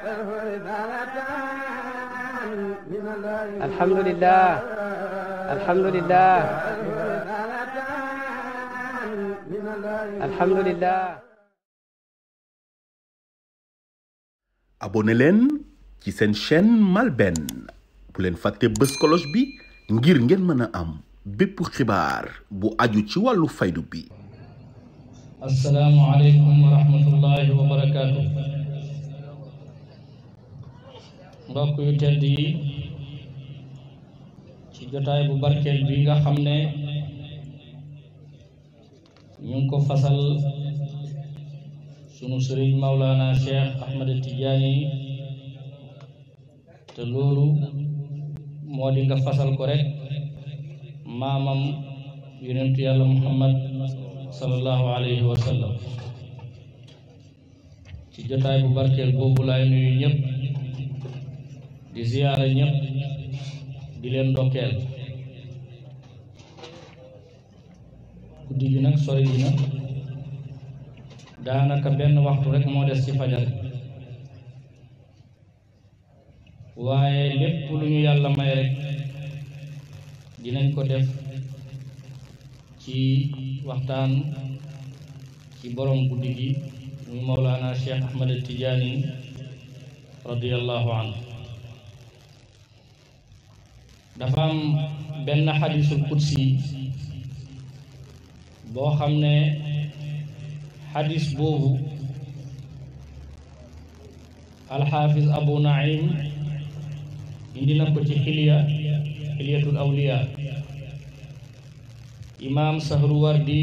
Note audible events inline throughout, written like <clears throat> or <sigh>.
alhamdulilah alhamdulilah alhamdulilah. abonné leen ci seen chaîne MALBN bu leen fàtte bës cloche bi ngir ngeen mën a am bépp xibaar bu aju ci wàllu faydu bi. asalaamualeykum wa rahmatullahi wa barakaatu. mbokk yu tedd yi ci jotaay bu barkeel bi nga xam ne ñu ngi ko fasal sunu sëriñ Maulana Cheikh Ahmad Tidiane te loolu moo di nga fasal ko rek maamam yonentu yàlla Muhammad sallallahu alayhi wa ci jotaay bu barkeel boobu laay nuyu ñëpp. di ziyaara ñëpp di leen ndokkeel guddi gi nag sori gi daanaka benn waxtu rek moo des ci fajar waaye lépp lu ñu yàlla may rek dinañ ko def ci waxtaan ci borom guddi gi muy Mawlaana Cheikh Ahmad Tijaani radiyallahu anhu dafa am benn xadisul qudsi xam ne xadis boobu alxaafis abu naim indi na ko ci xiliya xiliyatul awliya imaam sahru wardi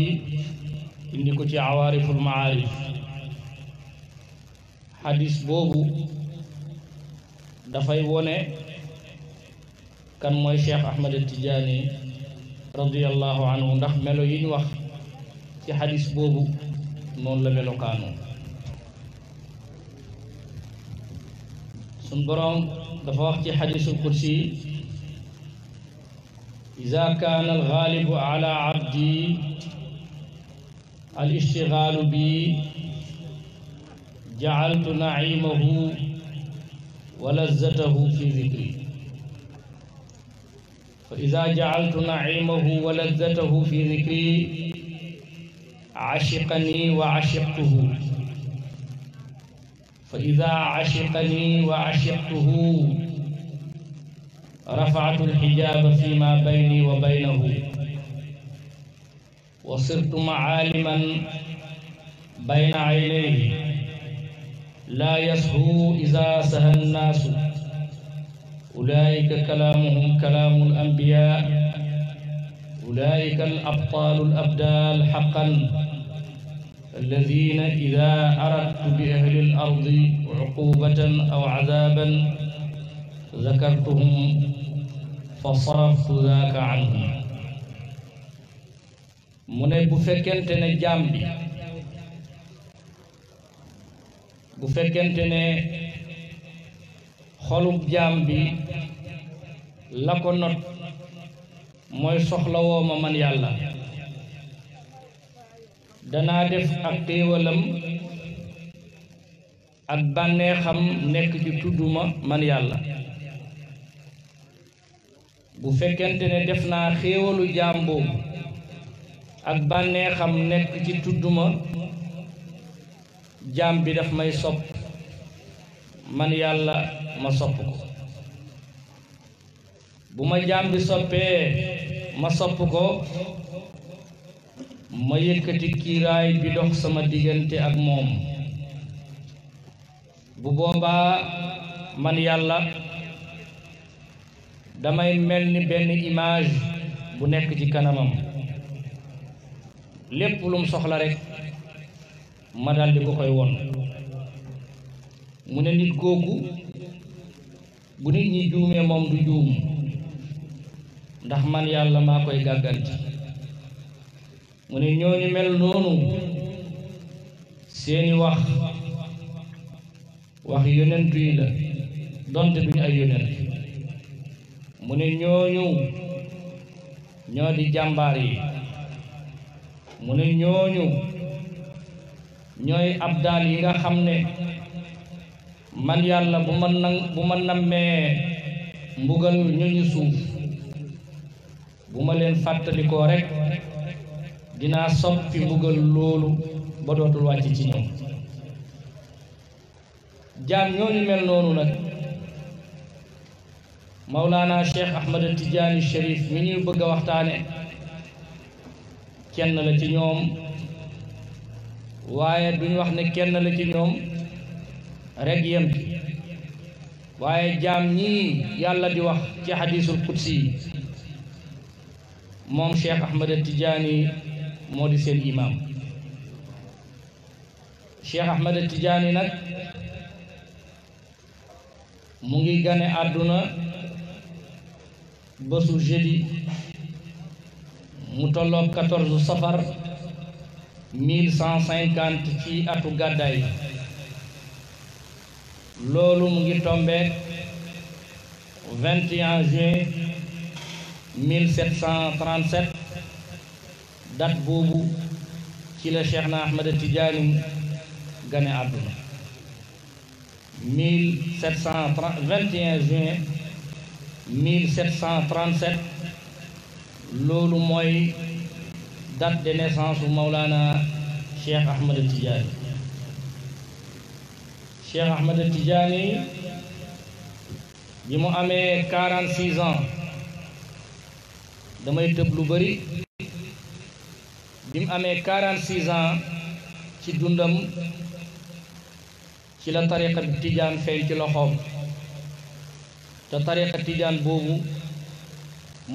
indi ko ci awaariful maarif xadis boobu dafay wone kan mooy cheikh ahmad tijaani radiallahu anhu ndax melo yi ñu wax ci xadis boobu noonu la melokaanoo suñ boroom dafa wax ci xadisul kursi ida kaana alxaalibu ala abdi al istigaalu bi jacaltu nacimahu wa lazatahu fi dikri فإذا جعلت نعيمه ولذته في ذكري عشقني وعشقته فإذا عشقني وعشقته رفعت الحجاب فيما بيني وبينه وصرت معالما بين عينيه لا يسهو إذا سهى الناس أولئك كلامهم كلام الأنبياء أولئك الأبطال الأبدال حقا الذين إذا أردت بأهل الأرض عقوبة أو عذابا ذكرتهم فصرفت ذاك عنهم mu ne bu fekkente ne jaam bi bu fekkente ne xolum jaam bi la ko not mooy soxla man yàlla danaa def ak xéewalam ak bànneexam nekk ci tudduma man yàlla bu fekkente ne def naa xéewalu jaam boobu ak bànneexam nekk ci tudduma jaam bi daf may sopp man yàlla ma sopp ko bu ma jaam bi soppee ma sopp ko ma yëkkati kiiraay bi dox sama diggante ak moom bu boobaa man yàlla damay mel ni benn image bu nekk ci kanamam lépp lum soxla rekk ma daldi ko koy won mu ne nit kooku bu nit ñi juumee moom du juum ndax man yàlla maa koy gàgganti mu ne ñooñu mel noonu seeni wax wax yonentu yi la donte duñu ay yonent mu ne ñooñu ñoo di jàmbaar yi mu ne ñooñu ñooy abdaal yi nga xam ne man yàlla bu ma nan bu ma nammee mbugal ñooñu suuf bu ma leen fàttalikoo rek dinaa soppi mbugal loolu ba dootul wàcc ci ñoom jaam ñooñu mel noonu nag Mawlana Cheikh Ahmad Tidiane Chérif mi ñuy bëgg waxtaane kenn la ci ñoom waaye duñu wax ne kenn la ci ñoom rek yem ci waaye jaam ñii yàlla di wax ci xadiisul qudsi yi moom Cheikh Ahmed Tidiane moo di seen imaam Cheikh Ahmed Tidiane nag mu ngi gane àdduna bésu jeudi mu tolloog 14 safar 1150 ci atu gàddaay loolu mu ngi tombeek 21 juin 1737 date boobu ci la Cheikh na Ahmada Tijaani gane àdduna 1730 21 juin 1737 loolu mooy date de naissance bu Mawlana Cheikh Ahmada Tijaani Cheikh Ahmed Tidiane bi mu amee 46 ans damay tëb lu bari bi mu amee 46 ans ci dundam ci la tariqa bi Tidiane feeñ ci loxoom te tariqa Tidiane boobu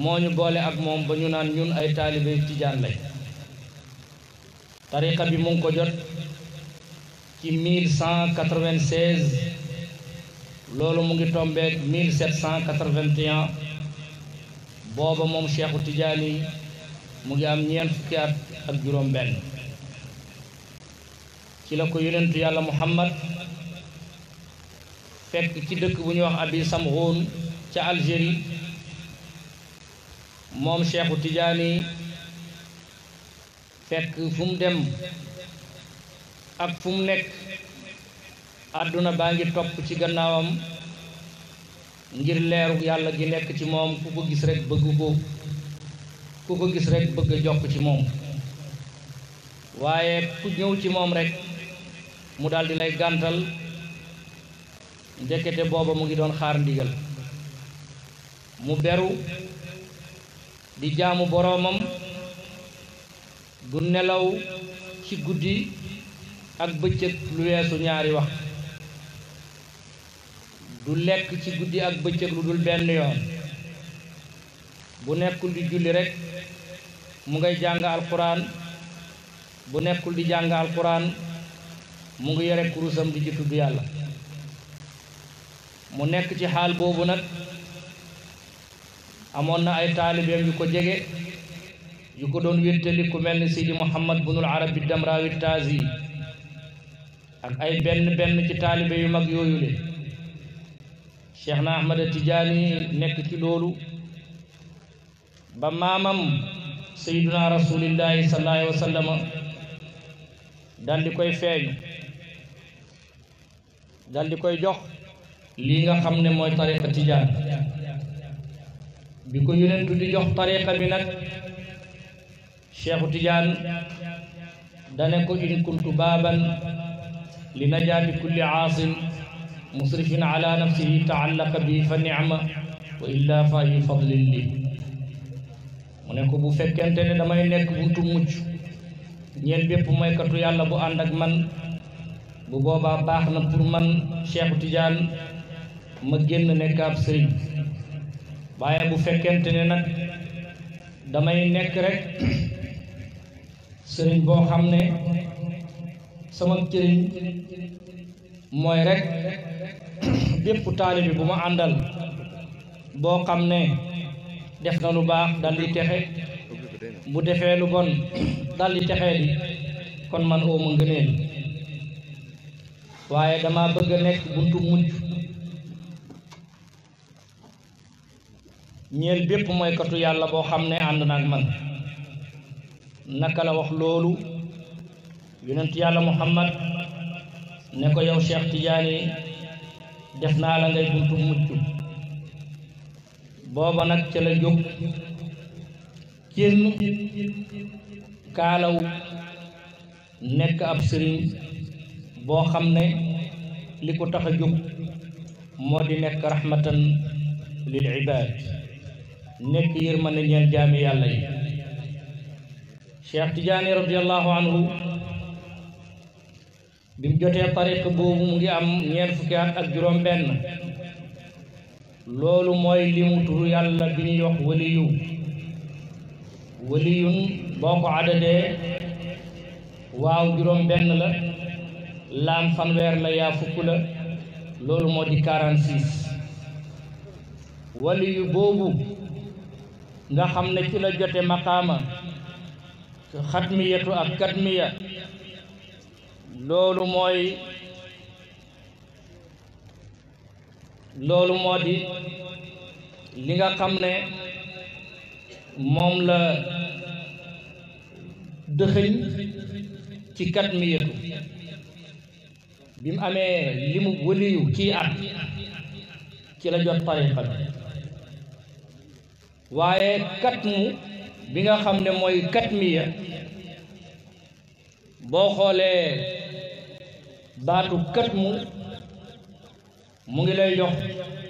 moo ñu boole ak moom ba ñu naan ñun ay taalibe Tidiane lañ tariqa bi mu ko jot. ci 1196 loolu mu ngi tombeek 1781 booba moom Cheikhu Tijaani mu ngi am ñeent fukki at ak juróom benn ci la ko yonentu yàlla Muhammad fekk ci dëkk bu ñuy wax abi samxoon ca Algérie moom Cheikhu Tijaani fekk fu dem ak fu mu nekk àdduna baa ngi topp ci gannaawam ngir leeru yàlla gi nekk ci moom ku ko gis rek bëgg ko ci moom waaye ku ñëw ci moom rekk mu daldi di lay gàntal ndekete booba mu ngi doon xaar ndigal mu beru di jaamu boroomam du nelaw ci guddi ak bëccëg lu weesu ñaari wax du lekk ci guddi ak bëccëg lu dul benn yoon bu nekkul di julli rekk mu ngay jàng alquran bu nekkul di jàng alquran mu ngi yore kurusam di ci tudd yàlla mu nekk ci xaal boobu nag amoon na ay taalibeem yu ko jege yu ko doon wéttali ku mel ni Sidi Muhammad bunul Arabi Damrawi Taazi ak ay benn benn ci taalibe yu mag yooyu le cheikh na ahmada tijaani nekk ci loolu ba maamam sayyiduna rasulillahi sallallahu alayhi dal di koy feeñu dal di koy jox lii nga xam ne mooy tariqa tijaan bi ko yonentu di jox tariqa bi nag cheikhu tijaan dane ko in kuntu baaban li najaati kulli aasin musrifin ala nafsihi taallaqa bi fa nicma wa illa fa yi fadlin li mu ne ko bu fekkente ne damay nekk buntu mucc ñeen bépp maykatu yàlla bu ànd ak man bu boobaa baax na pour man seexu tiijaan ma génn nekk ab sëriñ waaye bu fekkente ne nag damay nekk rek sëriñ boo xam ne sama njëriñ mooy rek bépp taalibi bu ma àndal boo xam ne def na lu baax dal di texe bu defee lu bon <clears throat> dal di texee di kon man ooma ngëneel waaye dama bëgg a nekk buntu mucc ñeel bépp mooy katu yàlla boo xam ne ànd naa ak man naka la wax loolu yonent yàlla muhammad ne ko yow Cheikh Tidiane def naa la ngay buntu mucc booba nag ca la jóg kenn kaalaw nekk ab sëriñ boo xam ne li ko tax a jóg moo di nekk rahmatan lil ibaad nekk yërmande ñeel jaami yàlla yi Cheikh Tidiane radiallahu anhu bi mu jotee tariqa boobu mu ngi am ñeent fukki at ak juróom-benn loolu mooy limutu turu yàlla bi ñuy wax waliyu waliyun boo ko adadee waaw juróom-benn la laam fanweer la yaa fukk la loolu moo di 46 waliyu boobu nga xam ne ci la jote maqaama xatmiyatu ak katmiya loolu mooy loolu moo di li nga xam ne moom la dëxëñ ci kat mi yëtu bi mu amee li mu wëliyu ci at ci la jot tariqa bi waaye kat mu bi nga xam ne mooy kat mi ya boo xoolee baatu kat mu mu ngi lay jox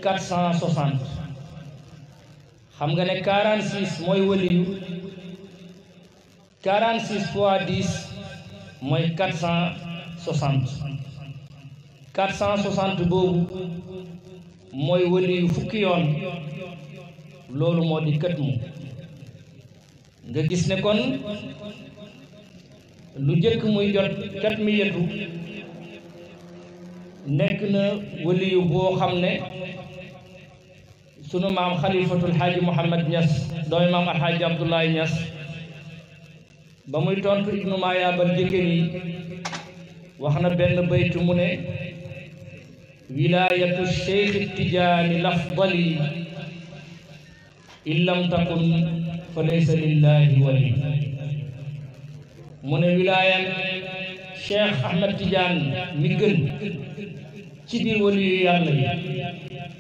quatre cent soixante xam nga ne quarante six mooy wëliyu quarante six fois dix mooy quatre cent soixante quatre cent soixante boobu mooy wëliyu fukki yoon loolu moo di kat mu nga gis ne kon lu jëkk muy jot kat mi yetu nekk na waliyu boo xam ne sunu maam xalifatul xaaji Mouhamed Niass doomi maam alxaaji Abdoulaye Niass ba muy tontu ibnu maayaabal jëkkër yi wax na benn baytu mu ne wilaayatu cheikh tijaani lafdali in lam takun fa laysa lillahi wali mu ne wilaayam cheikh ahmed tidiane mi gën ci biir wali yu yàlla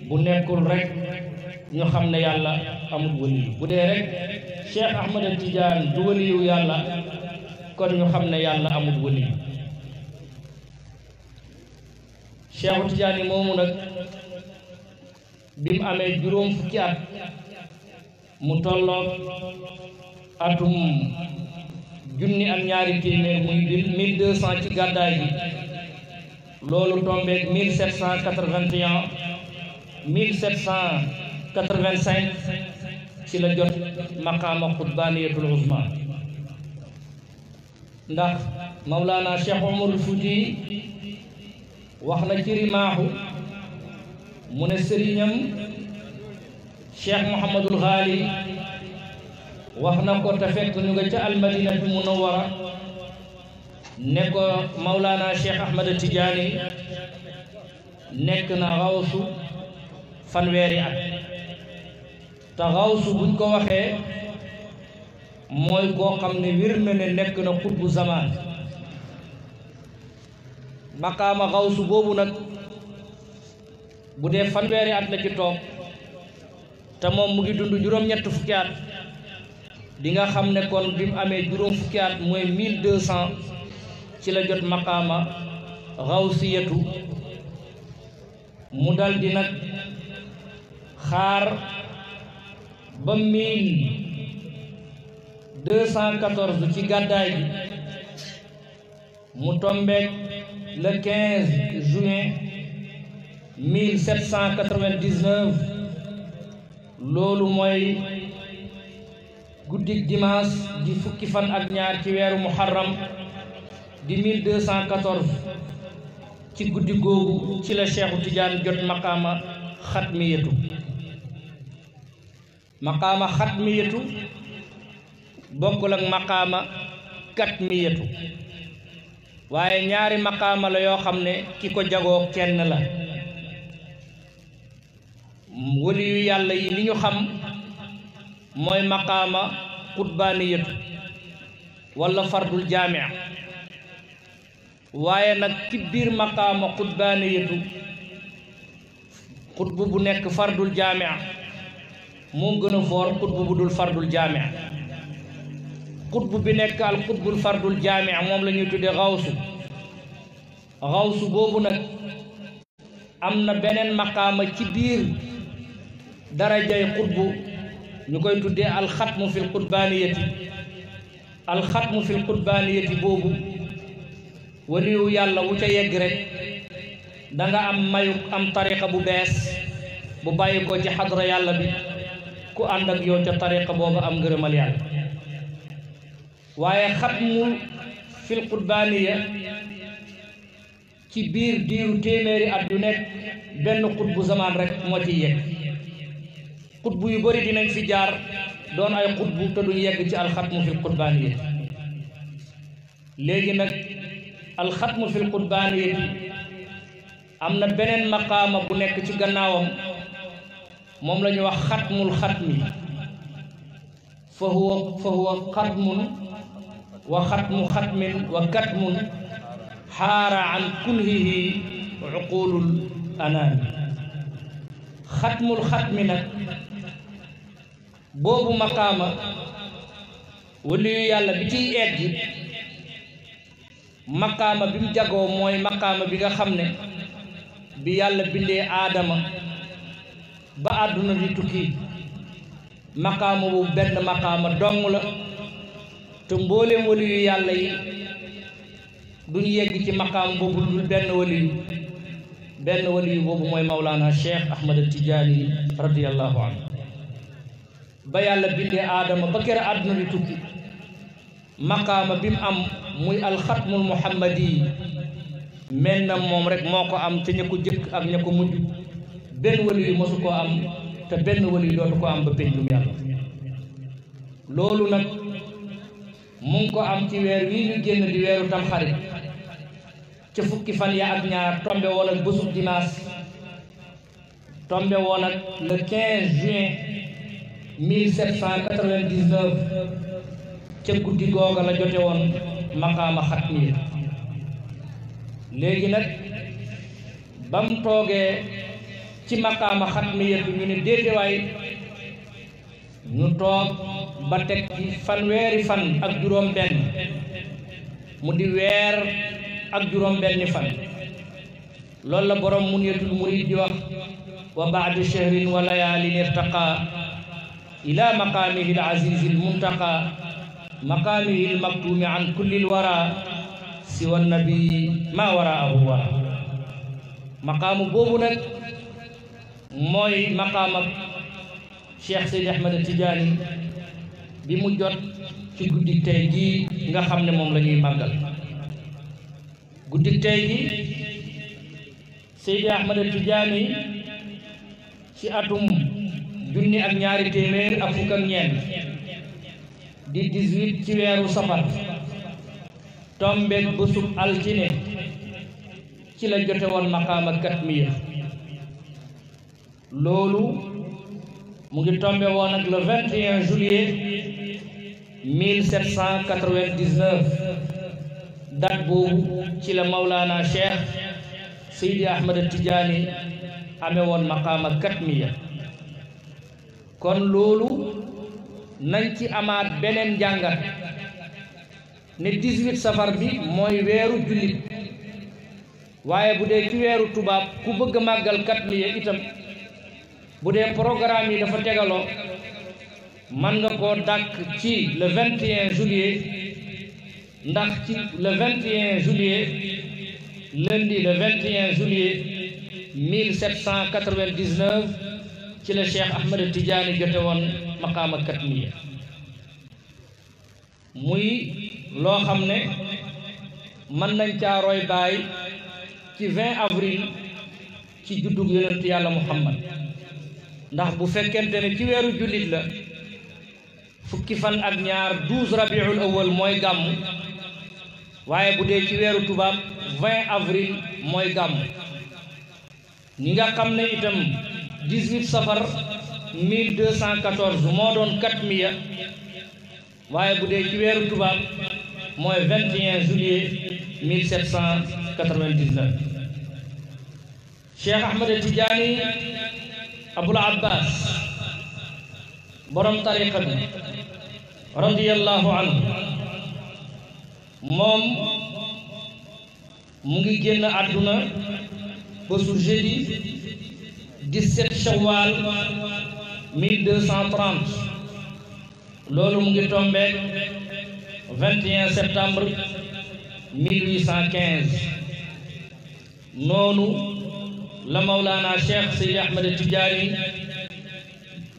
bu nekkul rek ñu xam ne yàlla amul wali bu dee rek Cheikh Ahmad Tidiane du yàlla kon ñu xam ne yàlla amul wali Cheikh Tidiane yi moomu nag bi mu amee juróom fukki at mu tolloog atum junni ak ñaari téeméer muy mille deux cent ci gàddaay bi loolu tombeeg 1781 1785 ci la jot maqaama xutbaaniyatul uzma ndax Mawlana Cheikh Omarul Fouti wax na ci rimaaxu mu ne sëriñam Cheikh Mouhamadul Xaali wax na ko te ñu nga ca almadinatu munawara ne ko Maulana Cheikh Ahmed Tidiane nekk na xawsu fanweeri at te xawsu buñ ko waxee mooy koo xam ne wér na ne nekk na xutbu zamaan maqaama xawsu boobu nag bu dee fanweeri at la ci toog te moom mu ngi dund juróom-ñett fukki at di nga xam ne kon bi mu amee juróom fukki at mooy ci la jot maqaama xawsiyatu mu dal nag xaar ba mille ci gàddaay bi mu tombeek le quinze juin loolu mooy guddik dimanche di fukki fan ak ñaar ci weeru muharram di 1214 ci guddi googu ci la Cheikhu Tidiane jot maqaama xatmiyatu maqaama xatmiyatu bokkul ak maqaama katmiyatu waaye ñaari maqaama la yoo xam ne ki ko jagoo kenn la wali yu yàlla yi li ñu xam mooy maqaama xutbaaniyatu wala fardul jaamia waaye nag ci biir maqaama xutbaane yëtu xutbu bu nekk fardul jaamia moo gën a foor xutbu bu dul fardul jaamia xutbu bi nekk al xutbul fardul jaamia moom lañuy ñuy tuddee xawsu xawsu boobu nag am na beneen maqaama ci biir darajay xutbu ñu koy tuddee alxatmu fil xutbaaniyati alxatmu fil boobu waliyu yàlla wu ca yegg rek da am mayu am tariqa bu bees bu bàyyi ko ci xadra yàlla bi ku ànd ak yow ca tariqa boobu am ngërëmal yàlla waaye xatmu fil qurbaaniya ci biir diiru téeméeri at yu nekk benn xutbu zamaan rek moo ciy yegg xutbu yu bari dinañ fi jaar doon ay xutbu te duñ yegg ci alxatmu fil qurbaaniya léegi nag alxatmu fil qurbaaniyati am na beneen maqaama bu nekk ci gannaawam moom la ñu wax xatmul xatmi fa huwa fa wa xatmu xatmin wa katmun xaara an kunhihi uqulul anaami xatmul xatmi nag boobu maqaama waliyu yàlla bi ciy egg makaama bi mu jagoo mooy maqaama bi nga xam ne bi yàlla bindee aadama ba àdduna di tukki maqaama bu benn maqaama dong la te mbooleem wali yu yàlla yi duñu yegg ci maqaama boobu dul benn wali yu benn wali yu boobu mooy Mawlaana Cheikh Ahmad Tijaani radiyallahu anhu ba yàlla bindee aadama ba kër àdduna di tukki maqaama bi mu am muy alxatmul muhammadi mel na moom rek moo ko am te ña ko jëkk ak ña ko mujj benn wali yu mosu koo am te benn wali yu dootu ko am ba pénjum yàlla loolu nag mu ko am ci weer wii ñu génn di weeru tamxarit ca fukki fan ya ak ñaar tombe woon ak bësub dimanche tombe woon le 15 juin ca guddi googa la jote woon maqaama xatmiya léegi nag bam toogee ci maqaama xatmiya bi ñu ne déetewaay ñu toog ba teg ci fanweeri fan ak juróom benn mu di weer ak juróom benni fan loolu la borom munyatul murid di wax wa baadu shahrin wa layaalin irtaqa ila maqaamihi al azizi al muntaqa maqaamihi almaktuumi an kulli alwara siwa nabii ma waraahu wara maqaamu boobu nag mooy maqaam ak cheikh seydi ahmed tijaani bi mu jot ci guddi tey gi nga xam ne moom lañuy ñuy màggal tey gi seydi ahmed tijaani ci atum junni ak ñaari téeméer ak fukk ñeent di 18 ci weeru safar tombeek bésub altine ci la jote woon maqaama katmiya loolu mu ngi tombe woon ak le 21 juillet 1799 date boobu ci la Maulana Cheikh Seydi Ahmad Tidiane amee woon maqaama katmiya kon loolu nañ ci amaat beneen njàngat ne 18 safar bi mooy weeru jullit waaye bu dee ci weeru tubaab ku bëgg a màggal kat mi itam bu dee programme yi dafa tegaloo man nga koo dàkk ci le 21 juillet ndax ci le 21 juillet lundi le 21 juillet 1799 ci la Cheikh Ahmed Tidiane jote woon. maqaama katmiya muy loo xam ne mën nañ caa roy baay ci 20 avril ci juddug yonent yàlla muhammad ndax bu fekkente ne ci weeru jullit la fukki fan ak ñaar 12 rabiul mooy gàmm waaye bu dee ci weeru tubaab 20 avril mooy gàmm ñi nga xam ne itam safar 1214 moo doon katmiya waaye bu dee ci weeru tubaab mooy 21 juillet 1799 Cheikh Ahmed Tidiane Abul Abbas borom tariqa bi radiyallahu anhu moom mu ngi génn àdduna bésu jeudi 17 shawwal 1230 loolu mu ngi tombeek 21 septembre 1815 noonu la Mawlana Cheikh Seydi Ahmed Tidiane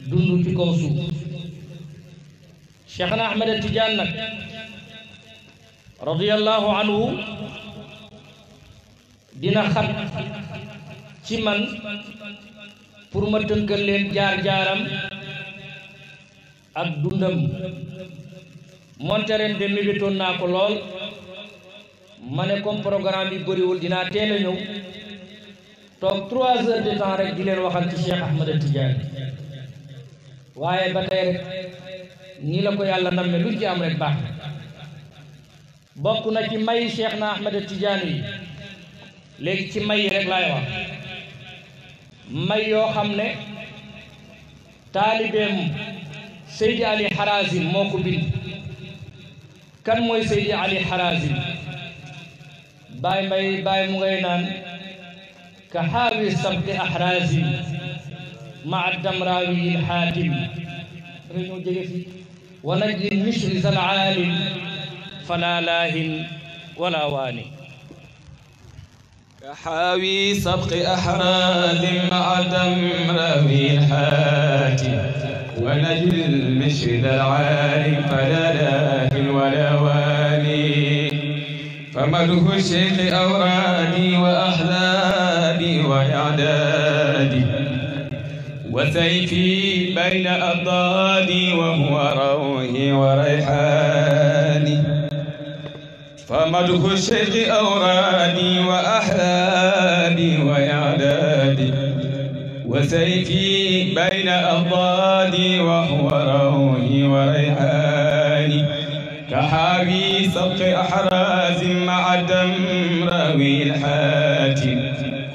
dund ci kaw suuf Cheikhna Ahmed Tidiane nag radiyallahu anhu dina xat ci man pour ma tënkal leen jaar jaaram ak dundam moonte de mébétoon naa ko lool ma ne comme programme bi bariwul dinaa teel a ñëw toog trois heures de temps rek di leen waxal ci Cheikh Ahmada Tidiane waaye ba rek nii la ko yàlla namme lu ci am rek baax bokk na ci may Cheikh na Ahmada Tidiane yi léegi ci may yi rek laay wax may yoo xam ne taalibeem Seydi Ali Harazim moo ko bind kan mooy Seydi Ali Harazim baay mbay baay mu ngay ka xaawi sabti Harazim ma damraawi alxaatim réñoo jege wa najji misri zal aalim fala laahin wala waani كحاوي سبق أحراد مع دم رمي الحاكم ونجد المشهد العالم فلا لاه ولا والي فمله الشيخ أورادي وأحزابي وإعدادي وسيفي بين أضدادي وهو روحي وريحاني فمدح الشيخ أورادي وأحلامي وإعدادي وسيفي بين أضادي وهو روحي وريحاني كحاوي سبق أحراز مع الدم راوي الحاتم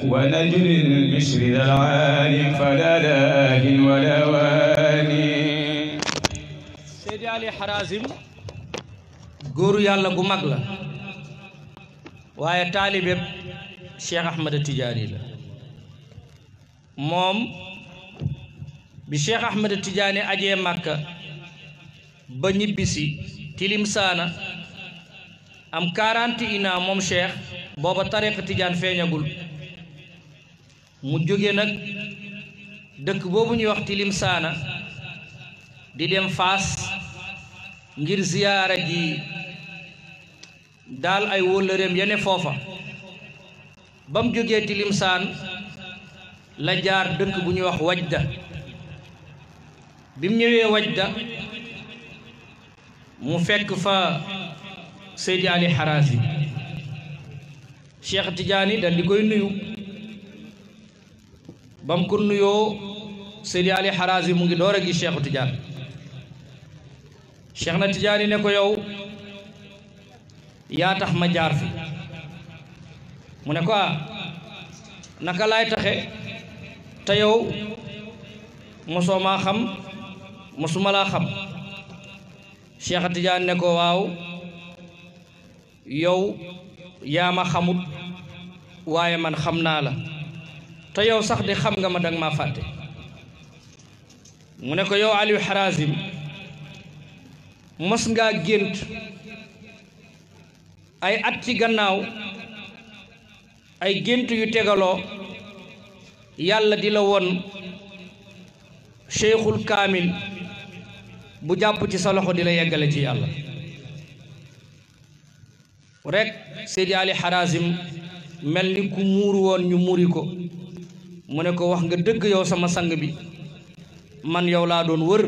ونجل البشر ذا العالم فلا لاهن ولا واني سيدي علي حرازم góoru yàlla gu mag la waaye taalibeb Cheikh Ahmed Tidiane la moom bi Cheikh Ahmed Tidiane ajee Màkka ba ñibbisi Tilimsaana am quarante ina moom Cheikh booba tariqa Tidiane feeñagul mu jóge nag dëkk boobu ñuy wax Tilimsaana di dem Faas ngir ziyaara ji daal ay wóllëreem yene foofa ba mu jógee tilimsaan la jaar dëkk bu ñuy wax wajda bi mu ñëwee wajda mu fekk fa Seydi Ali yi Cheikh Tidiane dal di koy nuyu bam mu ko nuyoo Seydi Ali yi mu ngi door a gis Cheikh Tidiane Cheikh na ne ko yow yaa tax ma jaar fi mu ne ko ah, naka lay taxe te yow mosoo maa xam mosuma laa xam Cheikh Tidiane ne ko waaw yow yaa ma xamut waaye man xam naa la te yow sax di xam nga ma danga maa fàtte mu ne ko yow Aliou Harazim mos ngaa gént ay at ci gannaaw ay gént yu tegaloo yàlla di la woon cheikhul kaamil bu jàpp ci sa loxo di la yeggale ci yàlla rekk Seydi Ali mel ni ku muur woon ñu muuri ko mu ne ko wax nga dëgg yow sama sang bi man yow laa doon wër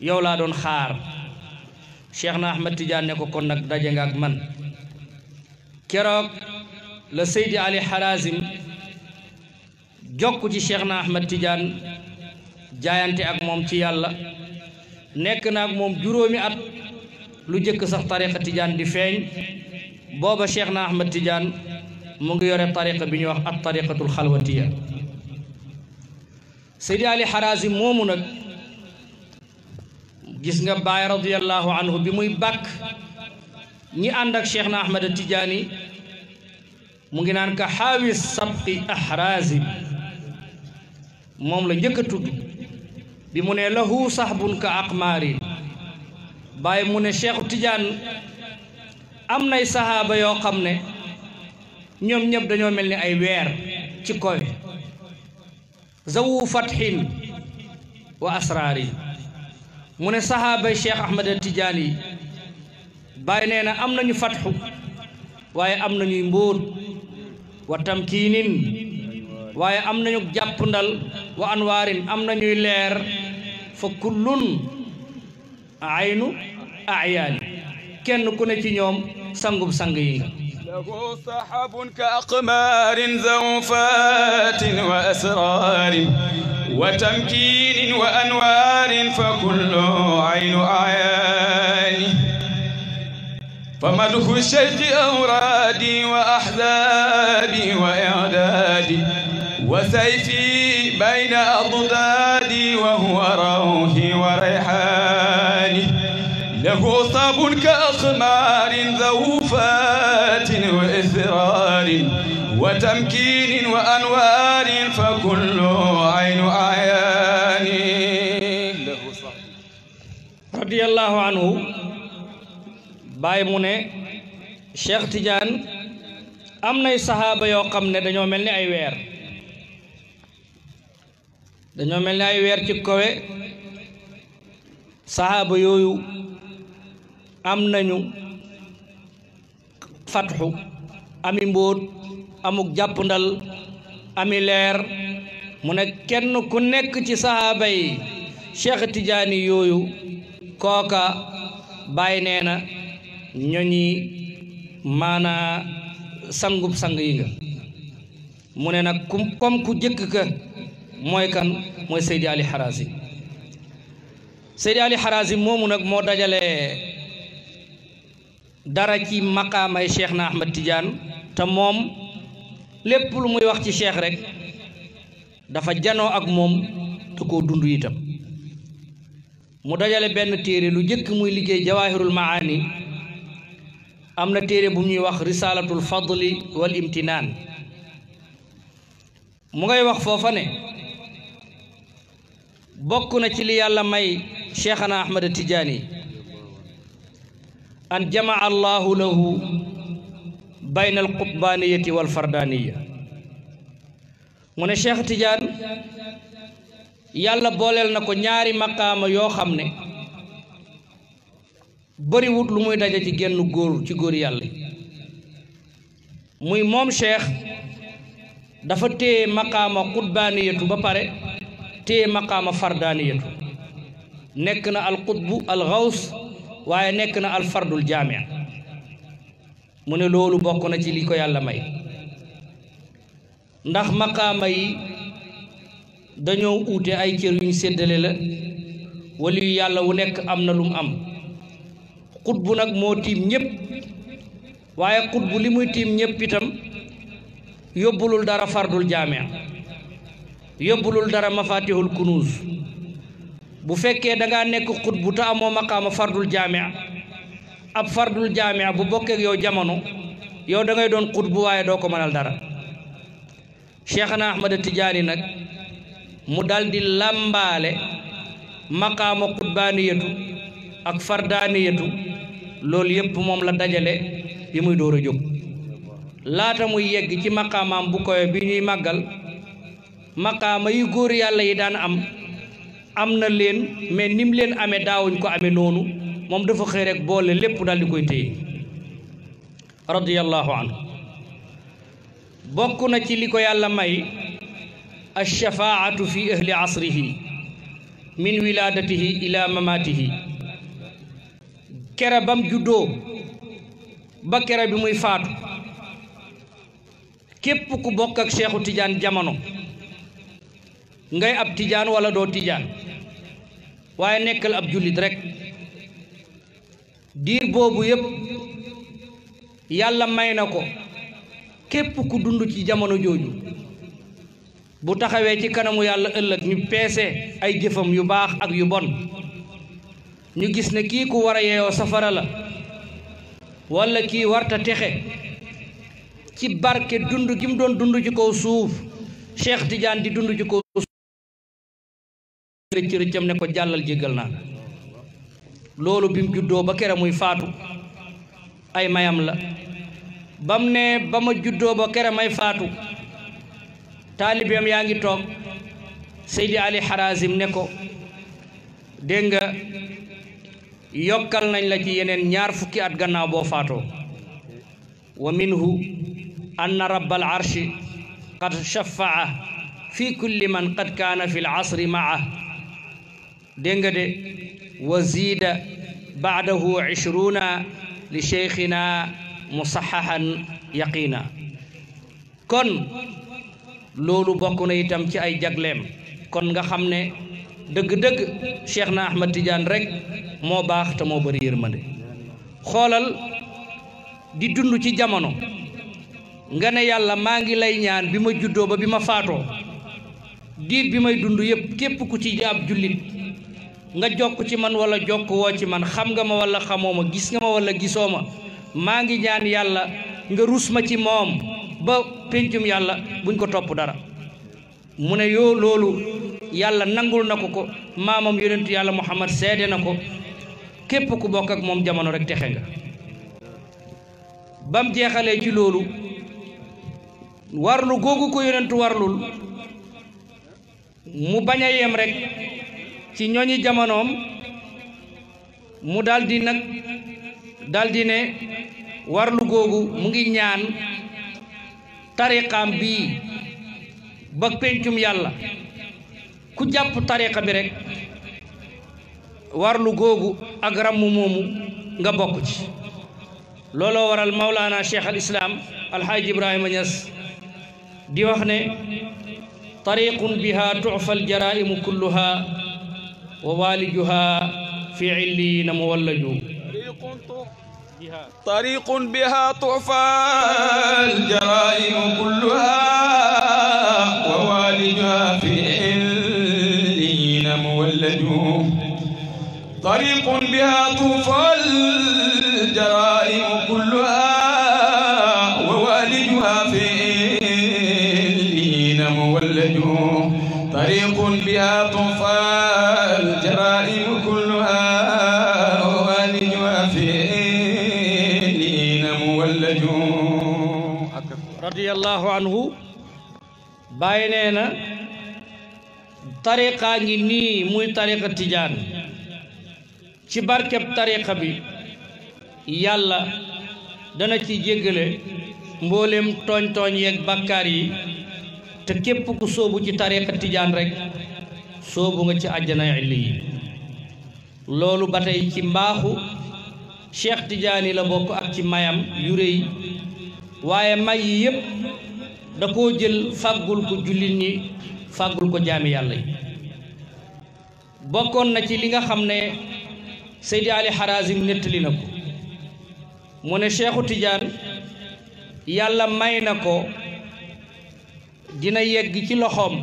yow laa doon xaar cheikh na ahmad tidiane ne ko kon nag daje nga ak man keroog la seydi ali harazim jokk ci cheikh na ahmad tidiane jaayante ak moom ci yàlla nekk na ak moom juróomi at lu jëkk sax tariqa tidiane di feeñ booba cheikh na ahmad tidiane mu ngi yore tariqa bi ñuy wax at tariqatul xalwatiya seydi ali harazim moomu nag gis nga baay radiyallahu bi muy bàkk ñi ànd ak cheikh na ahmad tijaani mu ngi naan ka xaawi sabqi ahrazi moom la njëkk tudd bi mu ne lahu sahbun ka aqmaarin bàyyi mu ne cheikhu tijaan am nay sahaaba yoo xam ne ñoom ñëpp dañoo mel ni ay weer ci koy zawu fathin wa asraari mu ne saxaabay cheikh ahmad tidiane yi bàyyi nee na am nañu fatxu waaye am nañuy mbóot wa tamkiinin waaye am nañu jàppandal wa anwaarin am nañuy leer fa kullun aynu ayaani kenn ku ne ci ñoom sangub sang yi nga له سحاب كأقمار زوفات وأسرار وتمكين وأنوار فكل عين أعياني فمدح الشيخ أورادي وأحزابي وإعدادي وسيفي بين أضدادي وهو روحي وريحاني له صاب كأخمار ذو وتمكين وأنوار فكل عين أعيان رضي الله عنه baay mu ne Cheikh Tidiane am nay saxaaba yoo xam ne dañoo mel ni ay weer dañoo mel ni ay weer ci kowe saxaaba yooyu am nañu fatxu ami mbóot amuk jàppandal ami leer mu ne kenn ku nekk ci sahaaba yi cheikh tijaani yooyu kooka bàyyi nee na ñoñi maanaa sangub sang yi mu ne nag ku comme ku jëkk ka mooy kan mooy Seydi Ali Harazi Seydi Ali Harazi moomu nag moo dajale dara ci maqaamay cheikh na Ahmad Tidiane te moom lépp lu muy wax ci cheikh rek dafa janoo ak moom te koo dund itam mu dajale benn téere lu jëkk muy liggéey jawahirul maani am na téere bu muy wax risalatul fadli wal imtinaan mu ngay wax foofa ne bokk na ci li yàlla may cheikhana ahmada tijaani an jamaa allahu lahu bayna al qutbaaniyati wal fardaaniya mu ne Cheikh tijaan yàlla booleel na ko ñaari maqaama yoo xam ne bariwut lu muy daje ci genn góor ci góor yàlla muy moom Cheikh dafa téye makaama qutbaaniyatu ba pare téye maqaama fardaaniyatu nekk na al qutbu al xaws waaye nekk na al fardul jaamia mu ne loolu bokk na ci li ko yàlla may ndax maqaama yi dañoo uute ay cër yuñ séddale la wala yu yàlla wu nekk am na lum am xut bu nag moo tiim ñëpp waaye xutbu li muy tiim ñëpp itam yóbbulul dara fardul jaamee yóbbulul dara mafatihul kunuuz bu fekkee dangaa ngaa nekk xutbu te amoo maqaama fardul jaamee ab fardul jaamia bu bokkeek yow jamono yow da doon xut bu waaye doo ko mënal dara cheikhana ahmada tijaani nag mu daldi làmbaale maqaama xutbaaniyatu ak fardaaniyatu loolu yépp moom la dajale bi muy dóor a jóg laata muy yegg ci maqaamaam bu koy bi ñuy màggal maqaama yu góor yàlla yi daan am am na leen mais nim leen amee daawuñ ko amee noonu moom dafa xëy rek boole lépp daal di koy téye radiyallahu anhu bokk na ci li ko yàlla may alshafaatu fi ahli asrihi min wilaadatihi ila mamaatihi kere bam juddoo ba kere bi muy faatu képp ku bokk ak Seexu Tijaan jamono ngay ab Tijaan wala doo Tijaan waaye nekkal ab jullit rekk diir boobu yépp yàlla may na ko képp ku dund ci jamono jooju bu taxawee ci kanamu yàlla ëllëg ñu peese ay jëfam yu baax ak yu bon ñu gis ne kii ku war a yeeyoo safara la walla kii warta texe ci barke dund gi mu doon dund ci kaw suuf Cheikh Tidiane di dund ci kaw suuf rëcc ne ko jàllal jéggal naa loolu bi juddoo ba kere muy faatu ay mayam la bam ne ba ma juddoo ba kere may faatu taalibeem yaa ngi toog Seydi Ali Harazim ne ko dégg nga yokkal nañ la ci yeneen ñaar fukki at gannaaw boo faatoo wa minhu anna rabbal arshi qad shafaa fi kulli man qad kaana fi l asri maa dégg de wa ziida baadahu ishruuna li cheikhina musaxaxan yaqiina kon loolu bokk na itam ci ay jagleem kon nga xam ne dëgg-dëgg cheikh na ahmad tidiane rek moo baax te moo bëri yërmande xoolal di dund ci jamono nga ne yàlla maa ngi lay ñaan bi ma juddoo ba bi ma faatoo diir bi may dund yëpp képp ku ci jaab jullit nga jokk ci man walla jokk woo ci man xam nga ma wala xamoo ma gis nga ma wala gisoo ma maa ngi ñaan yàlla nga rus ma ci moom ba péncum yàlla buñ ko topp dara mu ne yoo loolu yàlla nangul na ko ko maamam yonentu yàlla muhammad seede na ko képp ku bokk moom jamono rekk texe nga bam jeexalee ci loolu warlu googu ko yonentu warlul mu bañ a ci ñooñi jamonoom mu daldi nag daldi ne warlu googu mu ngi ñaan tariqaam bi ba pencum yàlla ku jàpp tariqa bi rek warlu googu ak ràmm moomu nga bokk ci looloo waral Mawlana Cheikh al Islam Alhaaji Ibrahima Niass di wax ne tariqun biha tuxfa al jaraimu kulluha wa waalijuha fi illiyiina muwallaju طريق بها تعفى الجرائم كلها ووالدها في عليين مولد طريق بها تعفى الجرائم radiyallahu anhu bàyyi nee na tariqa ngi nii muy tariqa tijaan ci barkeb tariqa bi yàlla dana ci jéggale mboolem tooñ-tooñ yeeg bàkkaar yi te képp ku soobu ci tariqa tijaan rekk soobu nga ci àjjana illi yi loolu ba tey ci mbaaxu cheikh tijaani la bokk ak ci mayam yu réy waaye may yi yëpp da ko jël fàggul ko jullit ñi fàggul ko jaami yàlla yi bokkoon na ci li nga xam ne Seydi Ali nettali na ko mu ne Cheikhu Tidiane yàlla may na ko dina yegg ci loxoom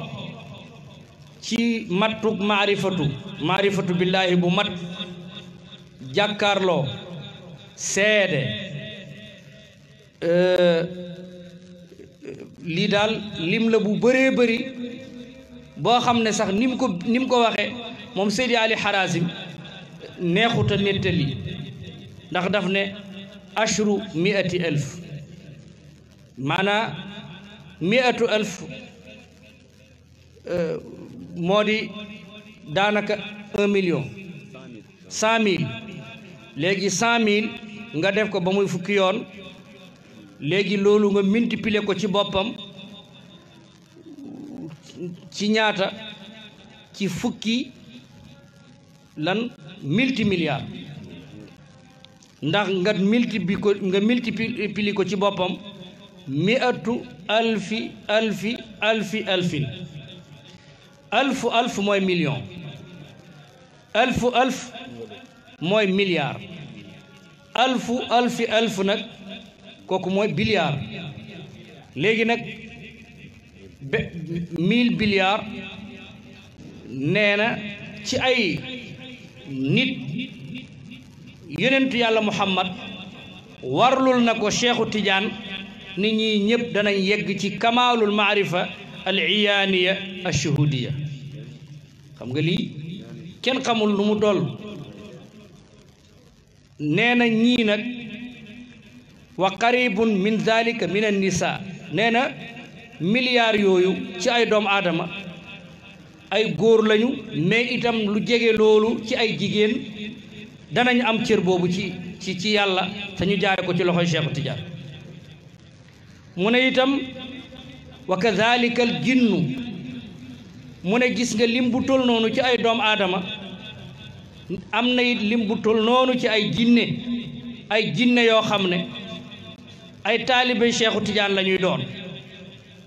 ci mattuk maarifatu maarifatu billaahi bu mat jàkkaarloo seede Euh, lii daal lim la bu bëree bëri boo xam ne sax nim ko nim ko waxe moom Seydi Ali Harazim neexuta a nettali ndax daf ne ashru mi'ati elf maanaa mi'atu elf euh, moo di daanaka un million cent mille léegi cent mille nga def ko ba muy fukki yoon léegi loolu nga multiplier ko ci boppam ci ñaata ci fukki lan milti milliards ndax nga multipli ko nga multipli ko ci boppam miatu alfi alfi alfi alfil alfu alf million alfu alf mooy milliard alfu alfi alf nag kooku mooy billiard léegi nag be mille nee na ci ay nit yonentu yàlla muhammad warlul na ko cheikhu tidiane nit ñi ñëpp danañ yegg ci kamaalul maarifa al iyaaniya ashuhudiya xam nga lii kenn xamul lu mu dool nee ñii nag wa qaribun min zalika min an nisa nee na milliards yooyu ci ay doomu aadama ay góor lañu mais itam lu jege loolu ci ay jigéen danañ am cër boobu ci ci ci yàlla te ñu jaare ko ci loxo Cheikh Tidiane mu ne itam wa kadhalika al jinnu mu ne gis nga lim bu noonu ci ay doom aadama am na it lim bu tol noonu ci ay jinne ay jinne yoo xam ne ay taalibe seexu tijaan lañuy doon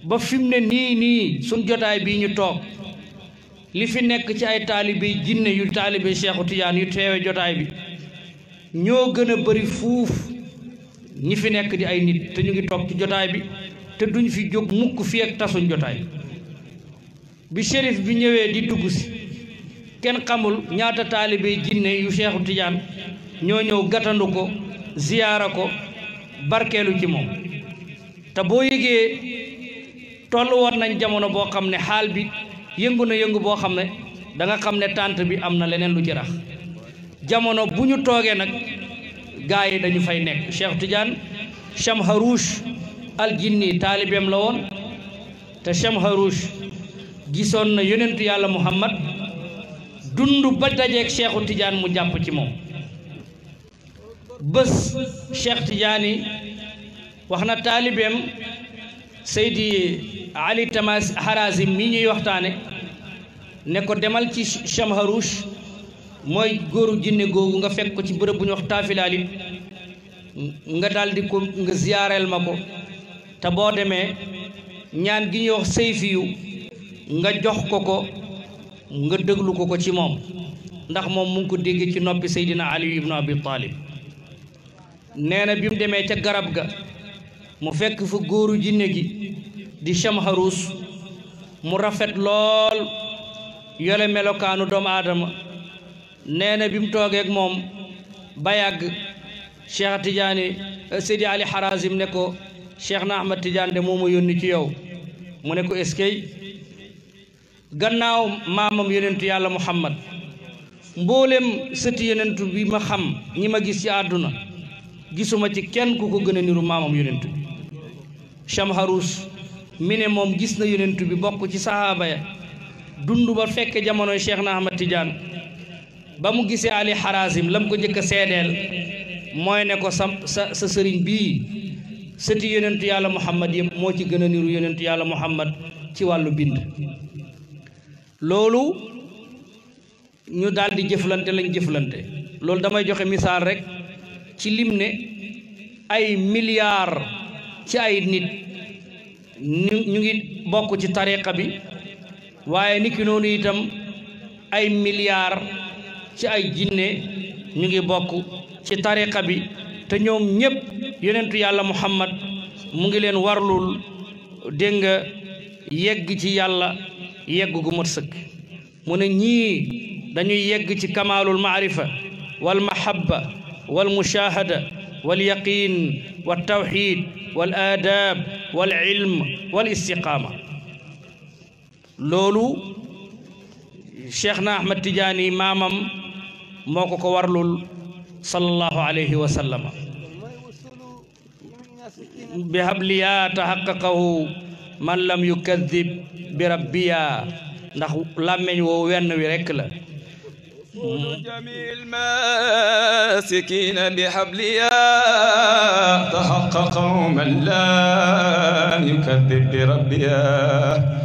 ba fi ne nii nii suñ jotaay bii ñu toog li fi nekk ci ay taalibe jinne yu taalibe Cheikhu tijaan yu teewe jotaay bi ñoo gën a bari fuuf ñi fi nekk di ay nit te ñu ngi toog ci jotaay bi te duñ fi jóg mukk fi ak tasuñ jotaay bi shérif bi ñëwee di dugg si kenn xamul ñaata taalibe jinne yu Cheikhu Tidiane ñoo ñëw gatandu ko ziyaara ko barkeelu ci moom te boo yëgee toll woon nañ jamono boo xam ne xaal bi yëngu na yëngu boo xam ne danga xam ne tànt bi am na leneen lu ci jamono bu ñu toogee nag gaa yi dañu fay nekk Cheikh Tidiane Chamharouche al jinni taalibeem la woon te Chamharouche gisoon na yonentu yàlla Muhammad dund ba dajeeg Cheikhu Tidiane mu jàpp ci moom bés Cheikh Tidiane wax na taalibeem Seydi Ali Tamas Harazim mi ñuy waxtaane ne ko demal ci Shamharush mooy góoru jinne googu nga fekk ko ci bërëb bu ñu wax taafilaalit nga daldi ko nga ziyaareel ma ko te boo demee ñaan gi ñuy wax sayfiyu nga jox ko ko nga déglu ko ko ci moom ndax moom mun ko dégg ci noppi Seydina Ali ibnu Abi Talib neena bi mu demee ca garab ga mu fekk fu góoru jinne gi di chamharuus mu rafet lool yole melokaanu doomu aadama nee na bi mu toogeeg moom ba yàgg cheikh tidiane euh, seydi ali harazim ne ko cheikh na ahmad tidiane de moo ma yónni ci yow mu ne ko eskey gannaaw maamam yonentu yàlla muhammad mboolem sëti yonentu bi ma xam ñi ma gis ci àdduna gisuma ci kenn ku ko gën a niru maamam yonent bi Shamharus mi ne moom gis na yonent bi bokk ci sahaaba ya dund ba fekk jamonoy Cheikh na Ahmad Tidiane ba mu gisee Ali Harazim lam ko njëkk a seedeel mooy ne ko sa sa sa sëriñ bii sëti yonent yàlla Muhammad yëpp moo ci gën a niru yonent yàlla Muhammad ci wàllu bind loolu ñu daal jëflante lañ jëflante loolu damay joxe misaal rek ci lim ne ay milliards ci ay nit ñu ngi bokk ci tariqa bi waaye niki noonu itam ay milliards ci ay jinne ñu ngi bokk ci tariqa bi te ñoom ñépp yonentu yàlla muhammad mu ngi leen warlul dégg nga yegg ci yàlla yegg gu mat mu ne ñii dañuy yegg ci kamaalul maarifa wal mahabba والمشاهدة واليقين والتوحيد والآداب والعلم والاستقامة لولو شيخنا أحمد تجاني مامم موكو ورلول صلى الله عليه وسلم بهبليا تحققه من لم يكذب بربيا ndax làmmeñ woo wenn wi rekk la قول جميع الماسكين بحبليا تحقق من لا يكذب بربيا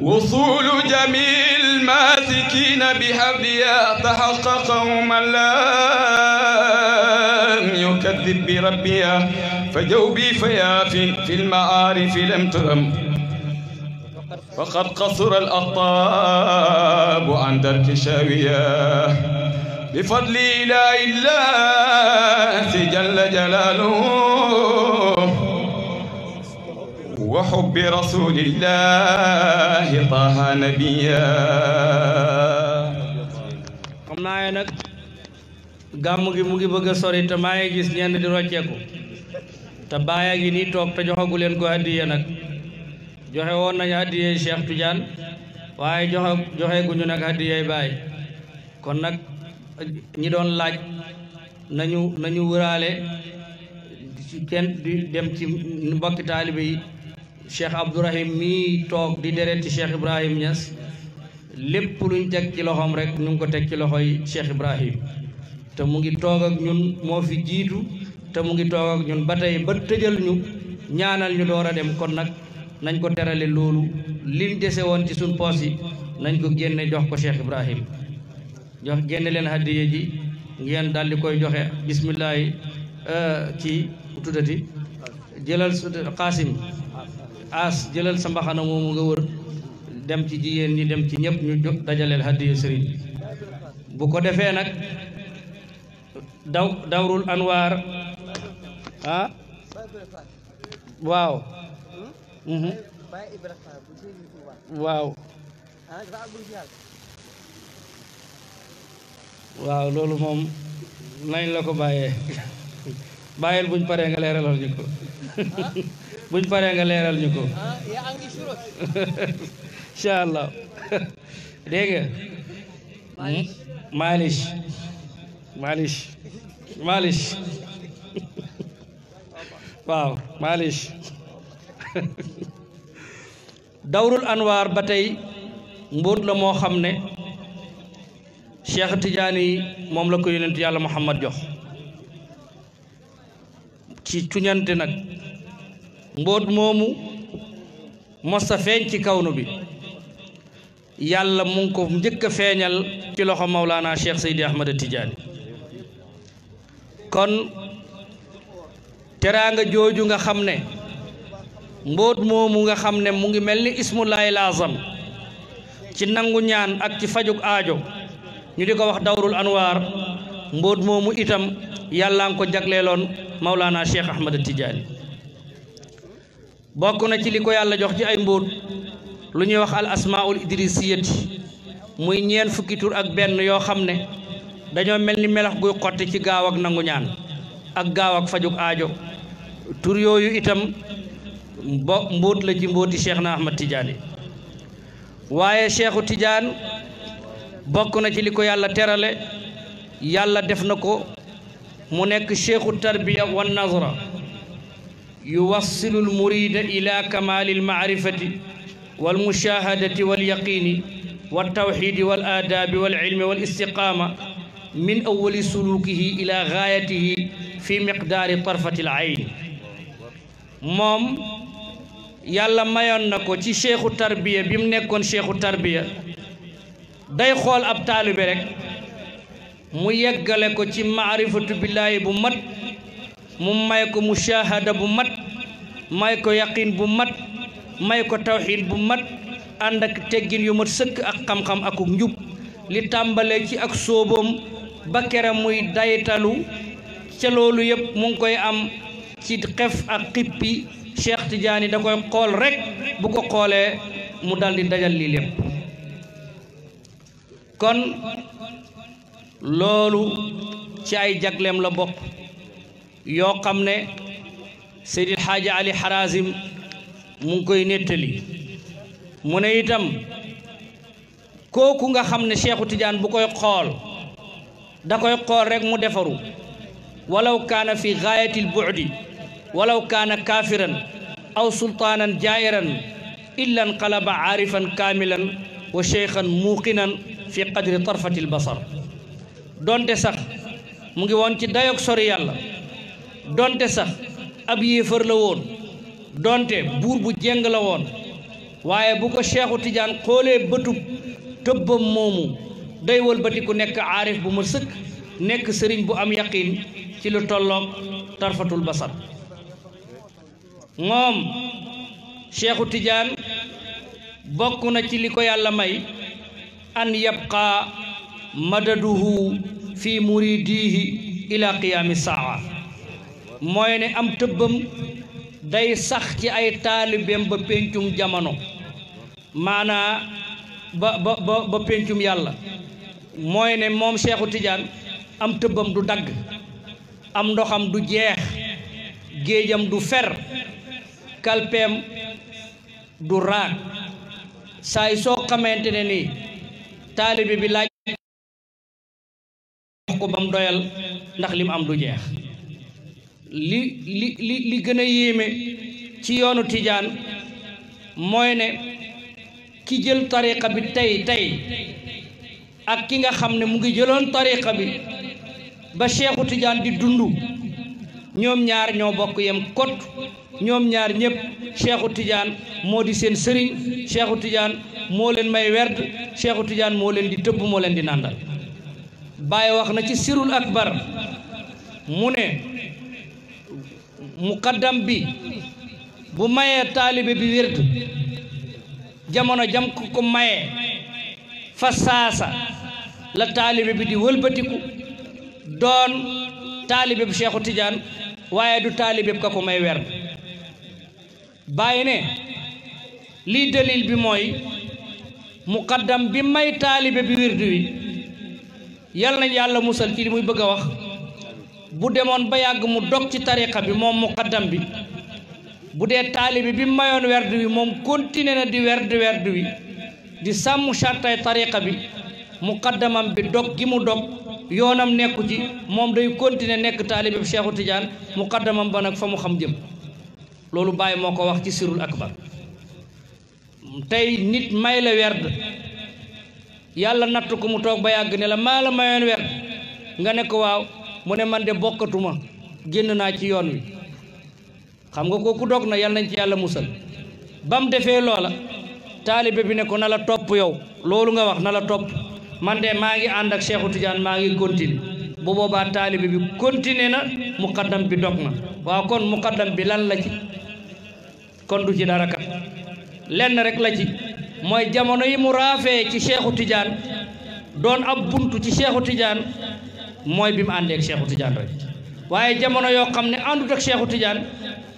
وصول جميع الماسكين بحبليا تحقق من لا يكذب بربيا فجوبي فيا في, في المعارف لم ترم فقد قصر الأطاب عن ترك شاوية بفضل لا إله جل جلاله وحب رسول الله طه نبيا xam naa nag gàmm gi mu ngi bëgg a sori te maa ngi gis ñenn di rocceeku te bàyyi gi nii toog te joxagu leen ko addiya nag joxewoon woon nañ haddiyey Cheikh waaye joxe joxe guñu nag haddiyey Baay kon nag ñi doon laaj nañu nañu wuraale kenn di dem ci mbokki taalibe yi Cheikh Abdourahim mii toog di deretti Cheikh Ibrahim Niass lépp luñ teg ci loxoom rek ñu ngi ko teg ci loxoy Cheikh Ibrahim te mu ngi toog ñun moo fi jiitu te mu ngi toog ak ñun ba tey ba tëjal ñu ñaanal ñu door a dem kon nag nañ ko terale loolu lim dese woon ci suñ poos yi nañ ko génne jox ko Cheikh Ibrahim jox génne leen hadiya ji ngeen daal di koy joxe bismillah euh, kii tuddati jëlal Qaasim as jëlal sa mbaxana moomu nga wër dem ci jigéen ñi dem ci ñëpp ñu dajaleel hadiya sëriñ bu ko defee nag daw dawrul anwaar ah? waaw Mhm. waaw. Ah, waaw loolu moom nañ la ko bàyyee bàyyil buñ paree nga leeralal ñu ko ah? buñ paree nga leeral ñu ko ah, incha allah dégg hmm? maalish maalish maalish <laughs> waaw maalish <laughs> dawrul anwaar ba tey mbóot la moo xam ne cheikh tidiane yi moom la ko yonent yàlla muhammad jox ci cuñante nag mbóot moomu mosta feeñ ci kawnu bi yàlla mu ngi ko njëkk feeñal ci loxo mawlaana cheikh seydi ahmada tidiane kon teraanga jooju nga xam ne mbóot moomu nga xam ne mu ngi mel ni ismullahi laazam ci nangu ñaan ak ci fajug aajo ñu di ko wax dawrul anwaar mbóot moomu itam yàlla nga ko jagleeloon Maulana Cheikh Ahmed Tidiane bokk na ci li ko yàlla jox ci ay mbóot lu ñuy wax al asmaul idrisiyati muy ñeen fukki tur ak benn yoo xam ne dañoo mel ni melax guy xotti ci gaaw ak nangu ñaan ak gaaw ak fajug aajo tur yooyu itam bo la ci mbóoti na ahmad tidiane waaye cheikhu tidiane bokk na ci li ko yàlla terale yàlla def na ko mu nekk cheikhu tarbiya wa nazra yuwassilu al murida ila kamaali al maarifati wal mushahadati wal yaqini wal tawxidi wal aadaabi wal ilmi wal istiqaama min awali sulukihi ila gaayatihi fi miqdaari tarfati al ayn moom yàlla mayoon na ko ci seexu tarbiya bi mu nekkoon seexu tarbiya day xool ab taalibe rek mu yeggale ko ci maarifatu billaahi bu mat mu may ko mushahada bu mat may ko yaqin bu mat may ko tawxiid bu mat ànd ak teggin yu ma sëkk ak xam-xam akuk njub li tàmbalee ci ak sóoboom ba kere muy daytalu ca loolu yëpp mu ngi koy am ci xef ak xippi Cheikh Tidiane da koy xool rek bu ko xoolee mu dal di dajal lii lépp kon loolu ci ay jagleem la bokk yoo xam ne Seydil Xaaja Ali Harazim mu ngi koy nettali mu ne itam kooku nga xam ne Cheikhu Tidiane bu koy xool da koy xool rek mu defaru walaw kaana fi gaayatil bu'di walaw kaana kaafiran aw sultaanan jaayiran illa nqalaba aarifan kaamilan wa cheikhan muuqinan fi qadri tarfatil basar donte sax mu ngi woon ci dayog sori yàlla donte sax ab yéefar la woon donte buur bu jeng la woon waaye bu ko cheikhu tijaan xoolee bëtub tëbbam moomu day wëlbati ku nekk aarif bu ma sëkk nekk sëriñ bu am yaqiin ci lu tolloog tarfatul basar moom Cheikhu Tidiane bokk na ci li ko yàlla may an yabqa madaduhu fi muridihi ila qiyaami saa mooy ne am tëbbam day sax ci ay taalibeem ba péncum jamono maanaa ba ba ba péncum yàlla mooy ne moom Cheikhu Tidiane am tëbam du dagg am ndoxam du jeex géejam du fer kalpeem du raag saay soo xamante ne nii taalibe bi laaj ko ba mu doyal ndax li am du jeex li li li li gën a yéeme ci yoonu tijaan mooy ne ki jël tariqa bi tey tey ak ki nga xam ne mu ngi jëloon tariqa bi ba Seexu Tijaan di dund ñoom ñaar ñoo bokk yem kot ñoom ñaar ñëpp Cheikhu Tidiane moo di seen sëriñ Cheikhu Tidiane moo leen may werd Cheikhu Tidiane moo leen di tëbb moo leen di nàndal Baay wax na ci sirul akbar mu ne muqaddam bi bu mayee taalibe bi werd jamono jam ko ko mayee fa saasa la taalibe bi di wëlbatiku doon taalibe bu Cheikhu Tidiane waaye du taalibe ka ko may werd bàyyi ne lii dalil bi mooy muqaddam bi may taalibe bi wirdu wi yal nañ yàlla musal ci li muy bëgg a wax bu demoon ba yàgg mu dog ci tariqa bi moom muqaddam bi bu dee taalibe bi mayoon werd wi moom continué na di werd werd wi di sàmm chartay tariqa bi muqaddamam bi dog gi mu dog yoonam nekku ci moom day continuer nekk taalibe Cheikhu Tidiane muqaddamam ba nag fa mu xam jëm loolu Baye moo ko wax ci sirul akbar tey nit may la werd yàlla natt ko mu toog ba yàgg ne la maa la mayoon werd nga ne ko waaw mu ne man de bokkatuma génn naa ci yoon wi xam nga kooku dog na yàlla nañ ci yàlla musal ba mu defee loola taalibe bi ne ko na la topp yow loolu nga wax na la topp man de maa ngi ànd ak Cheikhu Tidiane maa ngi continuer bu boobaa taalibe bi continuer na muqaddam bi dog na waaw kon muqaddam bi lan la ci kon du ci dara kat lenn rek la ci mooy jamono yi mu raafee ci Cheikhu Tidiane doon ab bunt ci Cheikhu Tidiane mooy bi mu àndeek ak Cheikhu Tidiane rek waaye jamono yoo xam ne àndut ak Cheikhu Tidiane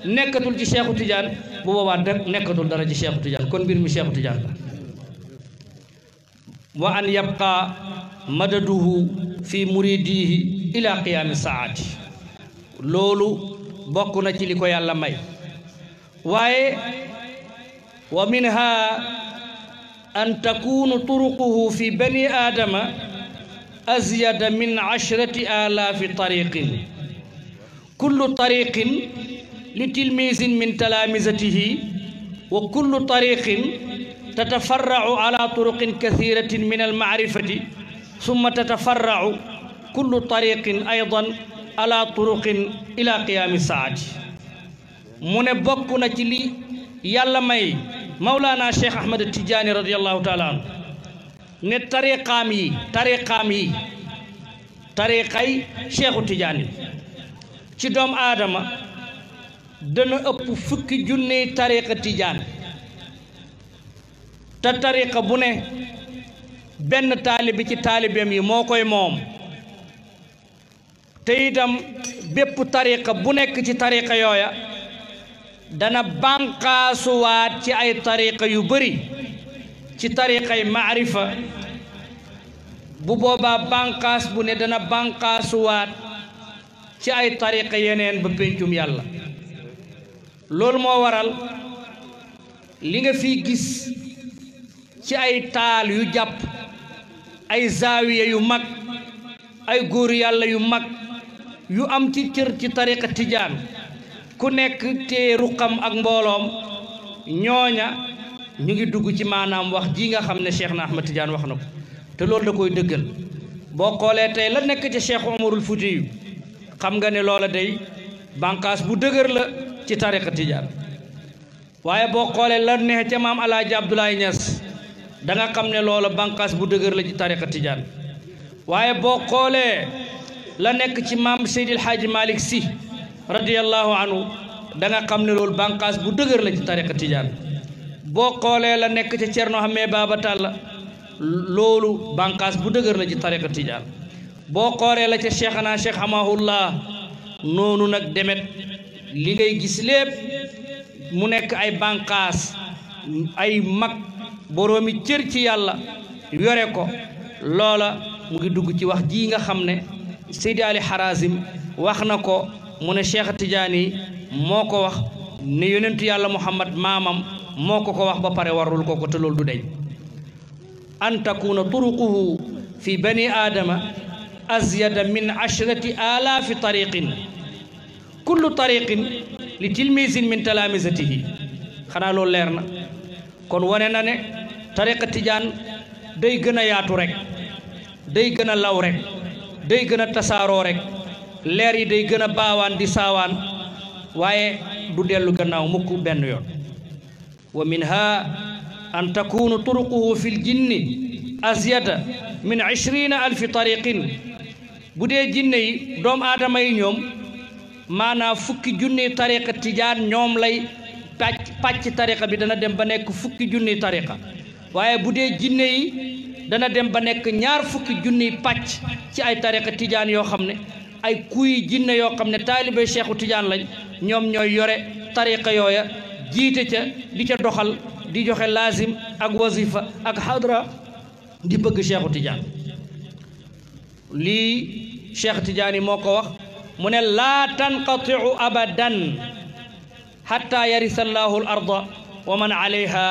nekkatul ci seexu Tidiane bu boobaa nekkatul dara ci Cheikhu Tidiane kon mbir mi Cheikhu Tidiane wa an yabqa madaduhu fi muridihi ila qiyaami saati loolu bokk na ci li ko yàlla may waaye wa minha an takunu turuquhu fi bani aadama azyada min ashrati alaafi tariqin kullu tariqin li tilmisin min talaamisatihi wa kullu tariqin تتفرع على طرق كثيرة من المعرفة ثم تتفرع كل طريق أيضا على طرق إلى قيام الساعة mu ne bokk na ci li yàlla may Mawlana Cheikh Ahmed Tidiane radiyallahu taala anhu ne tariqaam yi tariqaam yi tariqay Cheikhu Tidiane ci doomu aadama dana ëpp fukki junney tariqa Tidiane te tariqa bu ne benn taalibi ci taalibeem yi moo koy moom te itam bépp tariqa bu nekk ci tariqa yooya dana bànqaasuwaat ci ay tariqa yu bari ci tariqay maarifa bu boobaa bànqaas bu ne dana bànqaasuwaat ci ay tariqa yeneen ba péncum yàlla loolu moo waral li nga fi gis ci ay taal yu jàpp ay zaawiya yu mag ay góor yàlla yu mag yu am ci cër ci tariqa tijaan ku nekk te ruqam ak mbooloom ñooña ñu ngi dugg ci maanaam wax jii nga xam ne cheikh na ahmad tijaan wax na ko te loolu da koy dëggal boo xoolee tey la nekk ci cheikh omarul fuuti yu xam nga ne loola day bànqaas bu dëgër la ci tariqa tijaan waaye boo la neex ca maam alaaji abdoulaye ñas da nga xam ne loola bànqaas bu dëgër la ci tariqa tijaan waaye boo xoolee la nekk ci maam Seydil Hadji Malick si radiyallahu anhu da nga xam ne loolu bànqaas bu dëgër la ci tariqa tijaan boo xoolee la nekk ca Cerno Hamee Baaba Talla loolu bànqaas bu dëgër la ci tariqa tijaan la ca Cheikhana Cheikh Amahullah noonu nag demet li ngay gis lépp mu nekk ay banqaas ay mag boroomi cër ci yàlla yore ko loola mu ngi dugg ci wax ji nga xam ne Seydi Ali wax na ko mu ne Cheikh Tidiane moo ko wax ne yonentu yàlla Muhammad maamam moo ko ko wax ba pare warul ko ko te loolu du deñ an na turuquhu fi bani aadama azyada min ashrati alaafi tariqin kullu tariqin li tilmisin min talaamisatihi xanaa loolu leer na kon wane na ne tariqa tijaan day gën a yaatu rekk day gën a law rek day gën a tasaaroo rekk leer yi day gën a baawaan di saawaan waaye du dellu gannaaw mukk benn yoon wa minha an takunu turuquhu fil jinni azyada min ishrina alfi tariqin bu dee jinne yi doom aadama yi ñoom maanaa fukki junni tariqa tijaan ñoom lay pàcc pàcc tariqa bi dana dem ba nekk fukki junniy tariqa waaye bu dee jinne yi dana dem ba nekk ñaar fukki junniy pàcc ci ay tariqa tijaan yoo xam ne ay kuyi jinne yoo xam ne taalibe seexu tijaan lañ ñoom ñooy yore tariqa yooya jiite ca di ca doxal di joxe laazim ak wazifa ak hadra di bëgg cheikhu tijaan lii cheikh tijaan yi moo ko wax mu ne laa tanqatiu abadan xatta yarisa llaahu l arda wa man alayha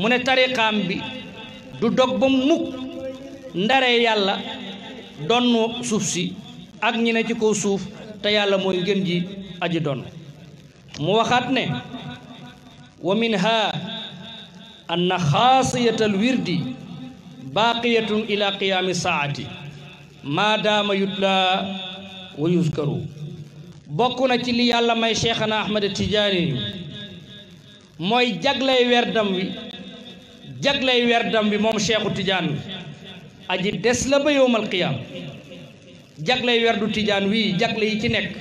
mu ne tariqaam bi du dog ba mukk ndare yàlla donn suuf si ak ñi ne ci ko suuf te yàlla mooy ngën ji aji donn mu waxaat ne wa min ha anna xaasiyatal wirdi baaqiyatun ila qiyaami saati maadaama yutla wa yuzkaru bokk na ci li yàlla may Cheikhana Ahmada Tijaani mooy jaglay werdam wi jaglay werdam bi moom Cheikhu Tijaan wi aji des la ba yowmal qiyaam jaglay werdu Tijaan wii jagle yi ci nekk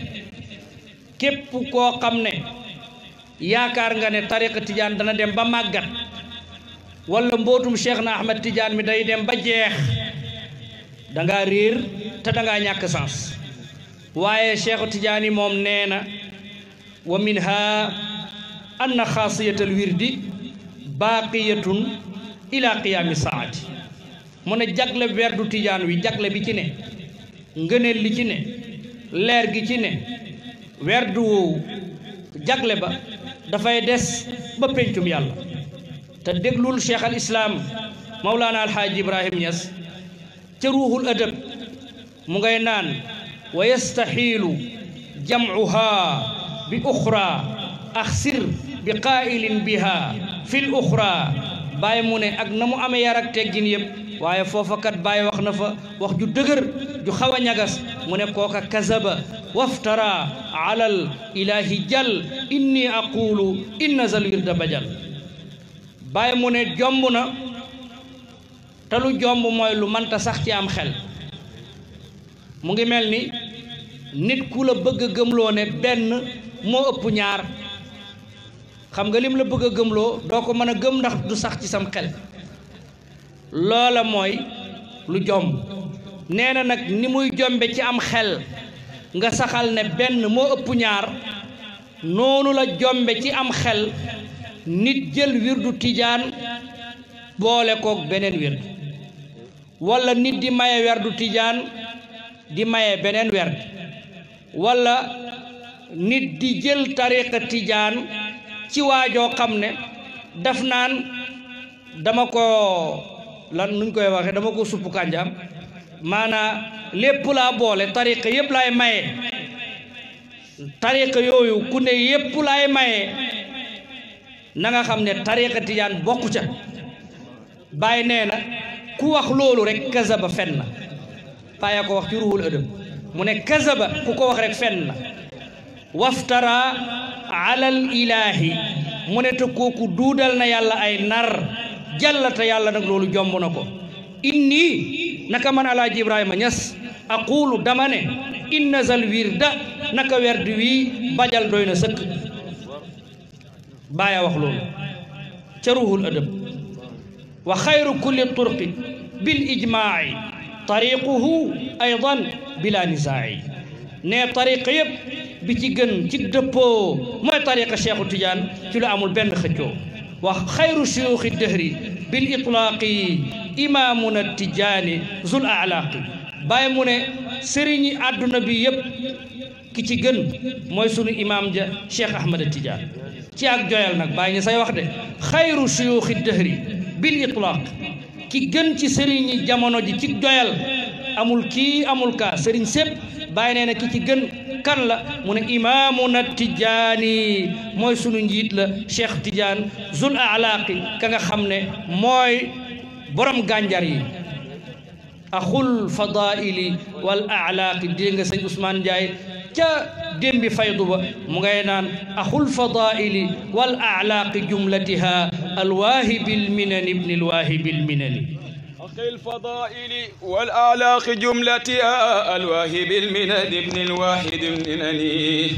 képp koo xam ne yaakaar nga ne tariqa Tijaan dana dem ba màggat wala mbootum Cheikhna Ahmad Tijaan mi day dem ba jeex danga réer te dangaa ñàkk sens waaye cheikhu tijaani moom nee na wa minha anna xaasiyatal wirdi baaqiyatun ila qiyaami saati mu ne jagle werdu tijaan wi jagle bi ci ne ngëneel li ci ne leer gi ci ne werdu woowu jagle ba dafay des ba pencum yàlla te déglul cheikh islaam mawlaana alxaaji ibrahim ñas ca ruuxul adab mu ngay naan wa yastaxiilu jamcuhaa bi mu ne ak na mu amee yar ak waaye foofa kat baay wax na fa wax ju dëgër ju xaw a ñagas mu ne kooka kazaba waftara alal ilaahi jal inni aqulu inna zal wirda bajal baay mu ne jomb na te lu jomb mooy lu mënta sax ci am xel mu ngi mel ni nit ku la bëgg gëmloo ne benn moo ëpp ñaar xam nga lim la bëgg a gëmloo doo ko mën a gëm ndax du sax ci sam xel loola mooy lu jomb nee na nag ni muy jombe ci am xel nga saxal ne benn moo ëpp ñaar noonu la jombe ci am xel nit jël wirdu tijaan boole koog beneen wird walla nit di maye werdu tijaan di maye beneen werd walla nit di jël tariqa tijaan ci waajoo xam ne daf naan dama ko lan nuñ koy waxe dama ko supp kànjaam maanaa lépp laa boole tariqa yëpp laay maye tariqa yooyu ku ne yëpp laay maye na nga xam ne tariqa tijaan bokku ca bàyyi nee na ku wax loolu rek kazaba fen na paaya ko wax ci ruhul ëdëm mu ne kazaba ku ko wax rek fen la waftara mu ne te kooku duudal na yàlla ay nar jàllata yàlla nag loolu jomb na ko inni naka man alaaji ibrahima ñas aqulu dama ne inna zal wirda naka werd wii bajal doy na sëkk baaya wax loolu ca ruhul adab wa xayru kulli turqi bil ijmaaci tariquhu aydan bila nisaay ne tariqa yëpp bi ci gën ci dëppoo mooy tariqa Cheikhu Tidiane ci lu amul benn xëccoo wax xayru suyuuxi dëhri bil itlaaqi imaamuna Tidiane zul alaaqi bàyyi mu ne sëriñi àdduna bi yëpp ki ci gën mooy sunu imaam ja Cheikh Ahmada Tidiane ci ak joyal nag bàyyi ñu say wax de xayru suyuuxi dëhri bil itlaaq ki gën ci sëriñi jamono ji ci joyal amul kii amul kaa sëriñ sépp bàyyi na ki ci gën kan la mu imaamuna tijaani mooy sunu njiit la cheikh tidiane zul alaaqi ka nga xam ne mooy borom gànjar yi axul fadaili wal alaaqi dégg nga sëñ Ousmane Ndiaye ca démbi faydu ba mu ngay naan axul fadaili wal alaaqi jumlatiha alwaahibil minani ibni alwaahibil minani حق الفضائل والآلاق جملتها الواهب المند ابن الواحد منني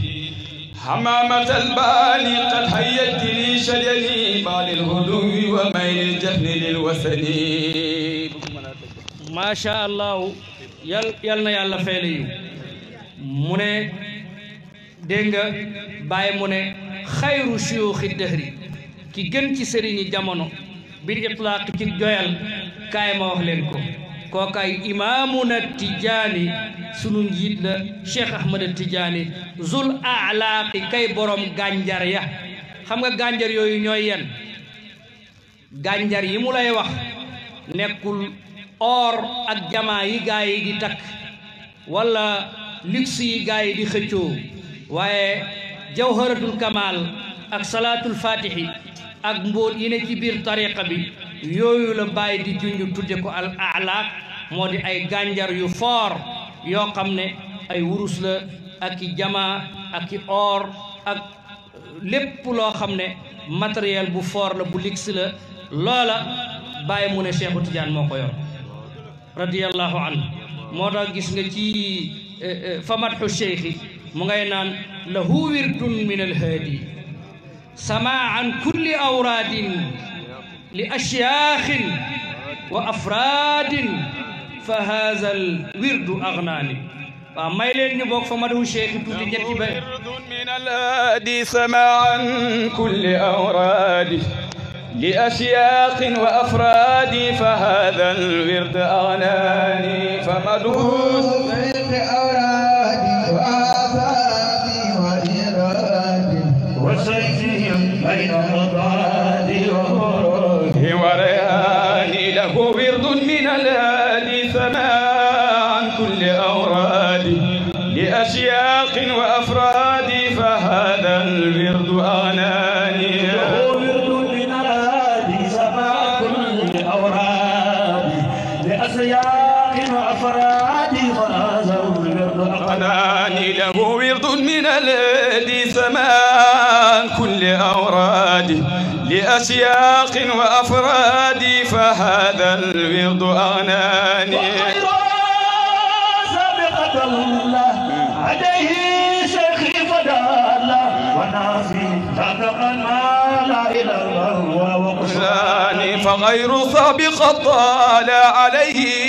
حمامة الباني قد هيت لي شجني بعد الهدوء وميل الجهل للوثن ما شاء الله yàlla na yàlla fay la yiw mu ne dégg nga bàyyi mu ne xayru suyuuxi dëhri ki gën ci sëriñi jamono bil itlaq ci joyal kaay ma wax leen ko kookaay imaamuna tijaani sunu njiit la cheikh ahmada tijaani zul alaaqi kay borom gànjar ya xam nga gànjar yooyu ñooy yen gànjar yi mu lay wax nekkul or ak jamaa yi gaa yi di takk wala luxe yi gaa yi di xëccoo waaye jawharatul kamal ak salaatul fatihi ak mbóot yi ne ci biir tariqa bi yooyu la bàyyi di junj tudde ko al alaak moo di ay gànjar yu foor yoo xam ne ay wurus la ak i jamaa ak i or ak lépp loo xam ne matériel bu foor la bu ligsi la loola bàyyi mu ne Cheikhu Tidiane moo ko yor radiyallahu anhu moo tax gis nga ci eh, eh, famatxu cheikhi mu ngay naan lahu wirdun min alhaadi samaa an kulli awraadin li ashyaaxin wa afraadin fa haza al wirdu agnaani waaw may leen ñu bokk fa madahu cheikh tuuti ñetti ba min al haadi samaa an kulli awraadi li ashyaaxin wa afraadi fa haza al wirdu agnaani fa madahu أشياق وأفراد فهذا الورد أغناني سابقة الله عليه شيخي فدالا ونافي صدقا ما لا إله إلا هو وقراني فغير سابق طال عليه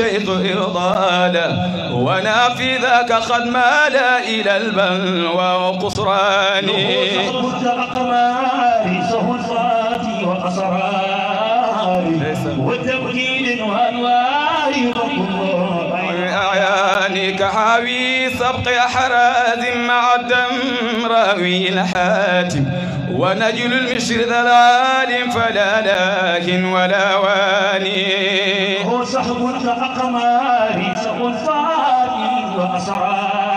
الشيخ إرضالا ونافذك قد مال إلى البل وقصران وتبجيل وأنوار أعيانك حاوي سبق حرازم مع الدم راوي الحاتم ونجل المشر ذلال فلا لاكن ولا واني هو صحب كأقمار سوى الفاتي وأسرار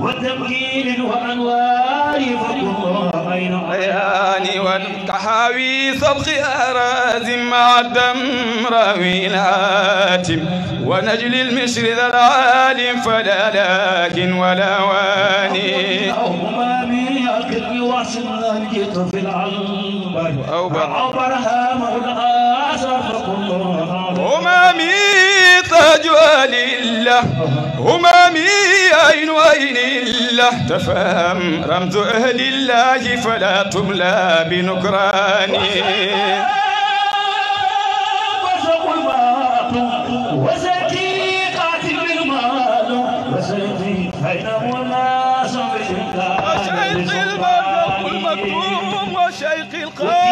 وتمكين وأنوار فكل أين عياني والكحاوي صبغ أراز مع الدم راوي العاتم ونجل المشر ذا العالم فلا لاكن ولا واني نفس جئت في العنبر عبرها مولاها سبق همامي تاج ولي الله همامي عين عين الله تفهم رمز أهل الله فلا تملى بنكراني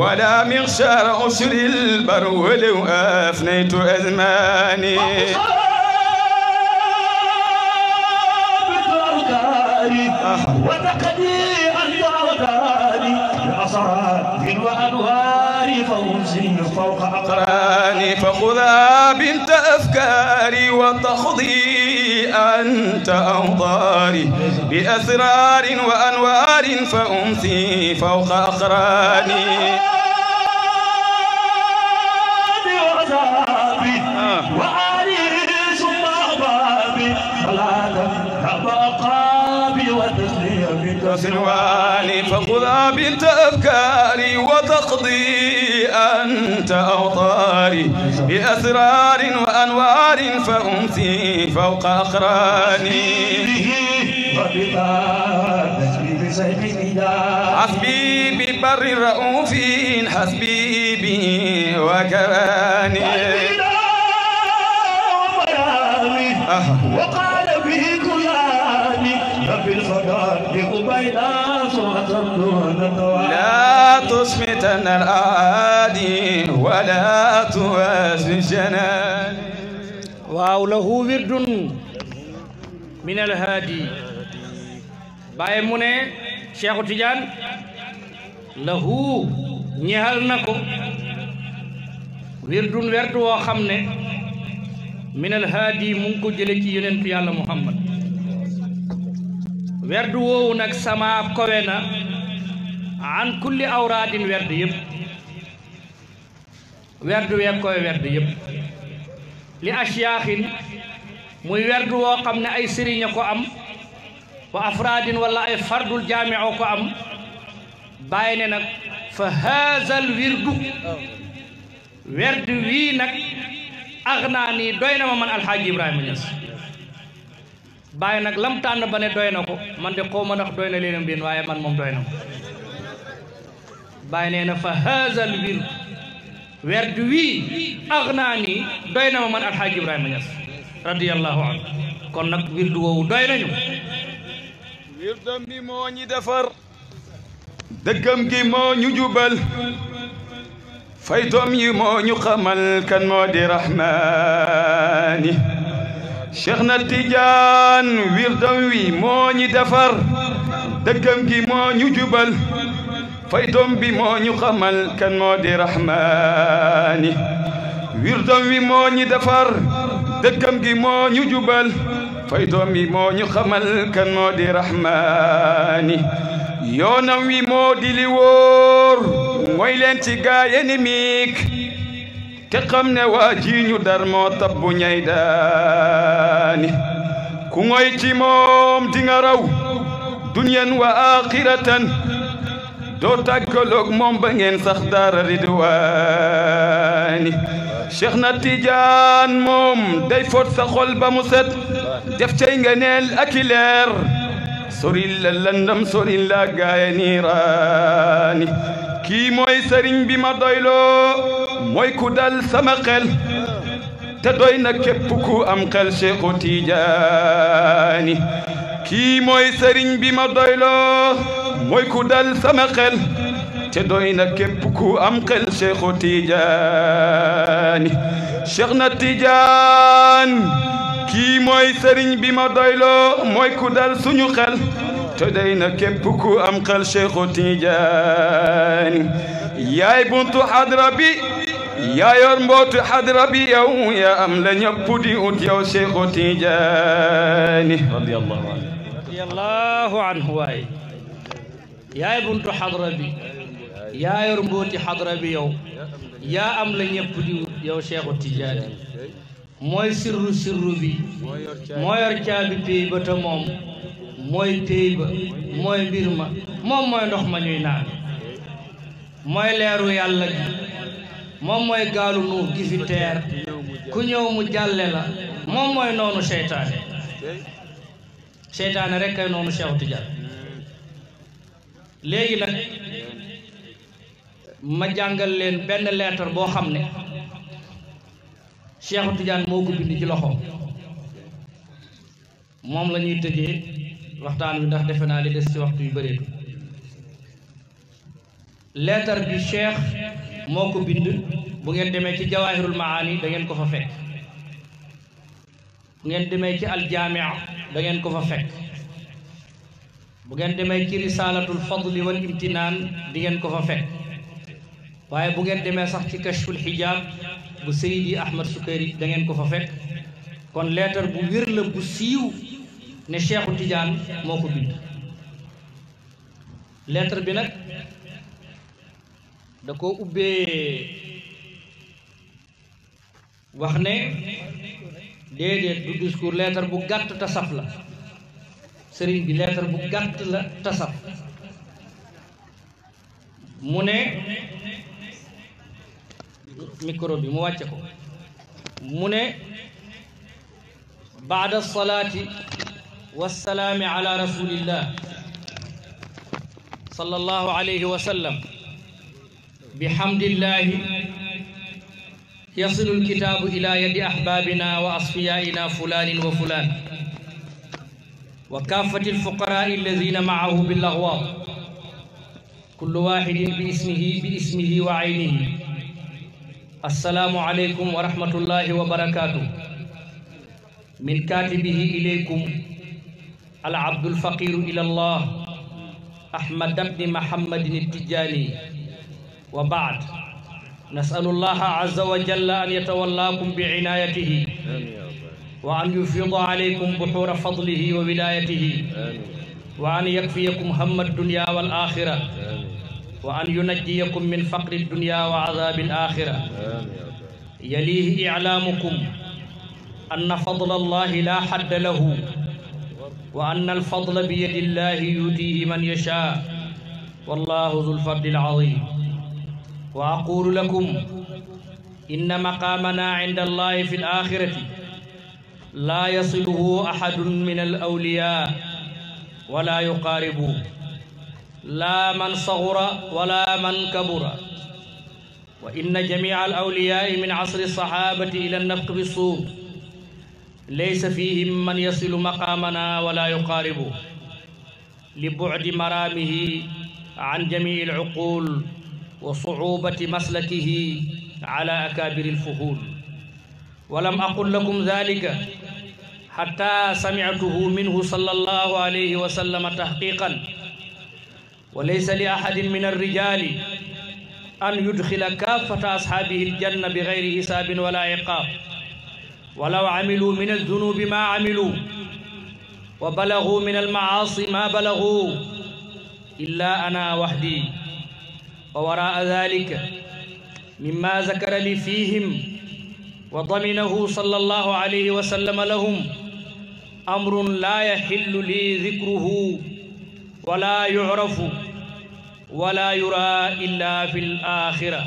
ولا مغشار أسر البر ولو أفنيت أزماني وتقدي أنت وتاري بأسرار وأنوار فوزي فوق أقراني فخذا بنت أفكاري وتخضي أنت أوطاري بأسرار وأنوار فأمسي فوق أقراني فخذها بنت أفكاري وتقضي أنت أوطاري بأسرار وأنوار فأمسي فوق أقراني حسبي ببر رؤوف حسبي به وكراني وقال به كلاني ففي الفضاء بأبيداني لا تصمتن الأعادي ولا توازن جنان waaw lahu wirdun min alhaadi Baay mu ne Cheikhu Tidiane lahu ñehal na ko wirdun wertu woo xam ne min alhaadi mu ngi ko jële yonentu yàlla Muhammad werdu woowu nag sama kowe an kulli awraadin werd yëpp werd wee koy werd yëpp li asiyaaxin muy werd woo xam ne ay sëriñ ko am wa afraadin wala ay fardul jaami ko am bàyyi ne nag fa haazal wirdu werd wii nag axnaa nii na ma man alxaaji Ibrahima Niass bàyyi nag lam tànn ba ne doy na ko man de xaw ma ndax doy na leen waaye man moom doy na bàyyi nee na fa haazal wird werd wii agnaani doy na ma man alxaaji ibrahima ñas radiyallahu anhu kon nag wird woowu doy nañu wirdam bi moo ñi defar dëggam gi moo ñu jubal faytoom yi moo ñu xamal kan moo rahmaani cheikh na tijaan wirdam wi moo ñi defar dëggam gi moo ñu jubal faytoom bi moo ñu xamal kan moo di rahmaani wirdoom wi moo ñu defar gi moo ñu jubal faytoom bi moo ñu xamal kan moo di rahmaani yoonam wi moo di li leen ci gaaye ni miik te xam ne waa ji ñu dar moo tabbu ñay daani ku ngoy ci moom di nga raw dunyan wa axiratan doo tàggaloog moom ba ngeen sax dara ridwaani cheikh na tijaan moom day fot xol ba mu set def cay ngeneel ak i leer soril la lëndëm soril gaaya niiraani kii mooy sëriñ bi ma doyloo mooy ku dal sama xel te doy na képp ku am xel cheikhu tijaani kii mooy sëriñ bi ma doyloo mooy ku dal sama xel te doy na képp ku am xel Cheikhu Tijaani Cheikh na Tijaan kii mooy sëriñ bi ma doyloo mooy ku dal suñu xel te doy na képp am xel Cheikhu Tijaani yaay buntu xadra bi yaa yor mbootu xadra bi yow yaa am la ñëpp ut yow Cheikhu Tijaani radiyallahu anhu waay yaay buntu xadra bi yaa yor mbóoti xadra bi yow yaa am la ñëpp di wut yow Cheikhu mooy sirru sirru bi moo yor caabi péy moom mooy péy mooy mbir moom mooy ndox ma ñuy naan mooy leeru yàlla gi moom mooy gaalu nuux gi ku ñëw mu jàlle la moom mooy noonu seytaane seytaane rek kay noonu Cheikhu Tijaani léegi nag ma jàngal leen benn leetar boo xam ne Cheikhu Tidiane moo ko bind ci loxoom moom la ñuy tëjee waxtaan wi ndax defe naa li des ci waxtu yu bëreetu lettre bi Cheikh moo ko bind bu ngeen demee ci Jawaahirul Maani da ngeen ko fa fekk bu ngeen demee ci aljaamia da ngeen ko fa fekk bu ngeen demee ci risaalatul fadli wal imtinaan di ngeen ko fa fekk waaye bu ngeen demee sax ci kashful xijaab bu Seydi Ahmad Sukayri da ngeen ko fa fekk kon leetar bu wér la bu siiw ne Cheikhu Tidiane moo ko bind leetar bi nag da ko ubbee wax ne déedéet du discours leetar bu gàtt te saf la sëriñ bi lettre bu gàtt la tasaf mu ne micro bi mu wàcce ko mu ne baada alsalaati wassalaami ala rasulillah sal allahu alayhi wa sallam bihamdillahi yasilu alkitaabu ila yadi ahbabina wa asfiyaina fulanin wa fulan wa kaafati alfuqaraai alladina maahu bilagwaat kullu waxidin bi ismihi bi ismihi wa aynihi assalaamu aleykum wa rahmatullahi wa barakaatu min kaatibihi ilaykum al abdulfaqiru ila allah ahmad bni mahammadin tijjaani wa baad nasalu allaha azza wa jalla an yatawallaakum bi inaayatihi wa an yufida alaykum buxuura fadlihi wa wilayatihi wa an yakfiyakum hamma dunya wal axira wa an yunajjiyakum min faqri dunya wa azabi al axira yalihi iclaamukum anna fadla allahi laa xadda lahu wa anna alfadla bi yadi illahi yutiihi man yashaa wallahu dul fadli alcazim wa aqulu lakum inna maqaamana cinda allahi fi alaxirati laa yasiluhu axadun min al awliyaa wala yuqaaribu laa man saxura wala man kabura wa inna jamica al awliyaai min casri saxaabati ila nafq bi suub laysa fihim man yasilu maqaamana wala yuqaaribu li bucdi maraamihi can jamici alcuquul wa sucuubati maslakihi cala akaabiri alfuhuul walam aqul lakum dalika xata samictuhu minhu sala allahu alayhi wa sallama taxqiqan wa laysa li ahadin min alrijali an yudxila kaafata asxaabihi aljanna bi gayri xisaabin wala iqaab walaw camiluu min aldunubi maa camiluu wa balaguu min almacaasi maa balaguu illa ana waxdi wa waraa dalika mima zakara li fihim wa daminahu sallallahu alayhi wa sallama lahum amrun laa yaxillu lii dikruhu wala yucrafu wala yuraa illa fi alaaxira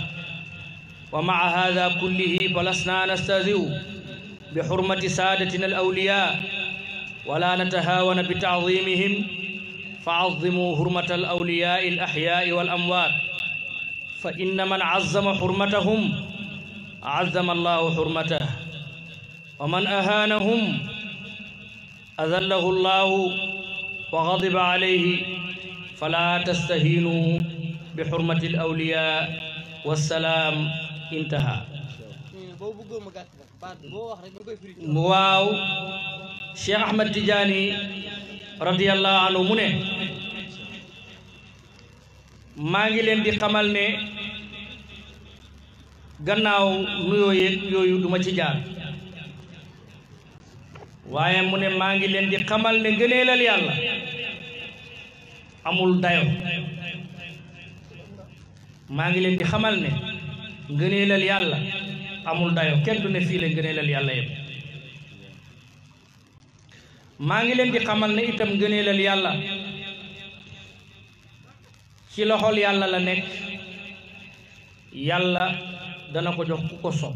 wa maca hada kullihi falasna nastahziu bixurmati saadatina alawliya wala natahaawana bitacdimihim facazzimuu xurmata alawliyaai alaxyaai walamwaat fa inna man cazzama xurmatahum عظم الله حرمته ومن أهانهم أذله الله وغضب عليه فلا تستهينوا بحرمة الأولياء والسلام انتهى واو شيخ أحمد تجاني رضي الله عنه منه maa ngi leen di xamal ne gannaaw nuyoo yeeg yooyu du ci jaar waaye mu ne maa ngi leen di xamal ne ngëneelal yàlla amul dayo ngi leen di xamal ne ngëneelal amul dayo kenn du ne fii la ngëneelal yàlla yëpp maa ngi leen di xamal ne itam ngëneelal yàlla ci loxol yàlla la nekk yàlla dana ko jox ku ko sopp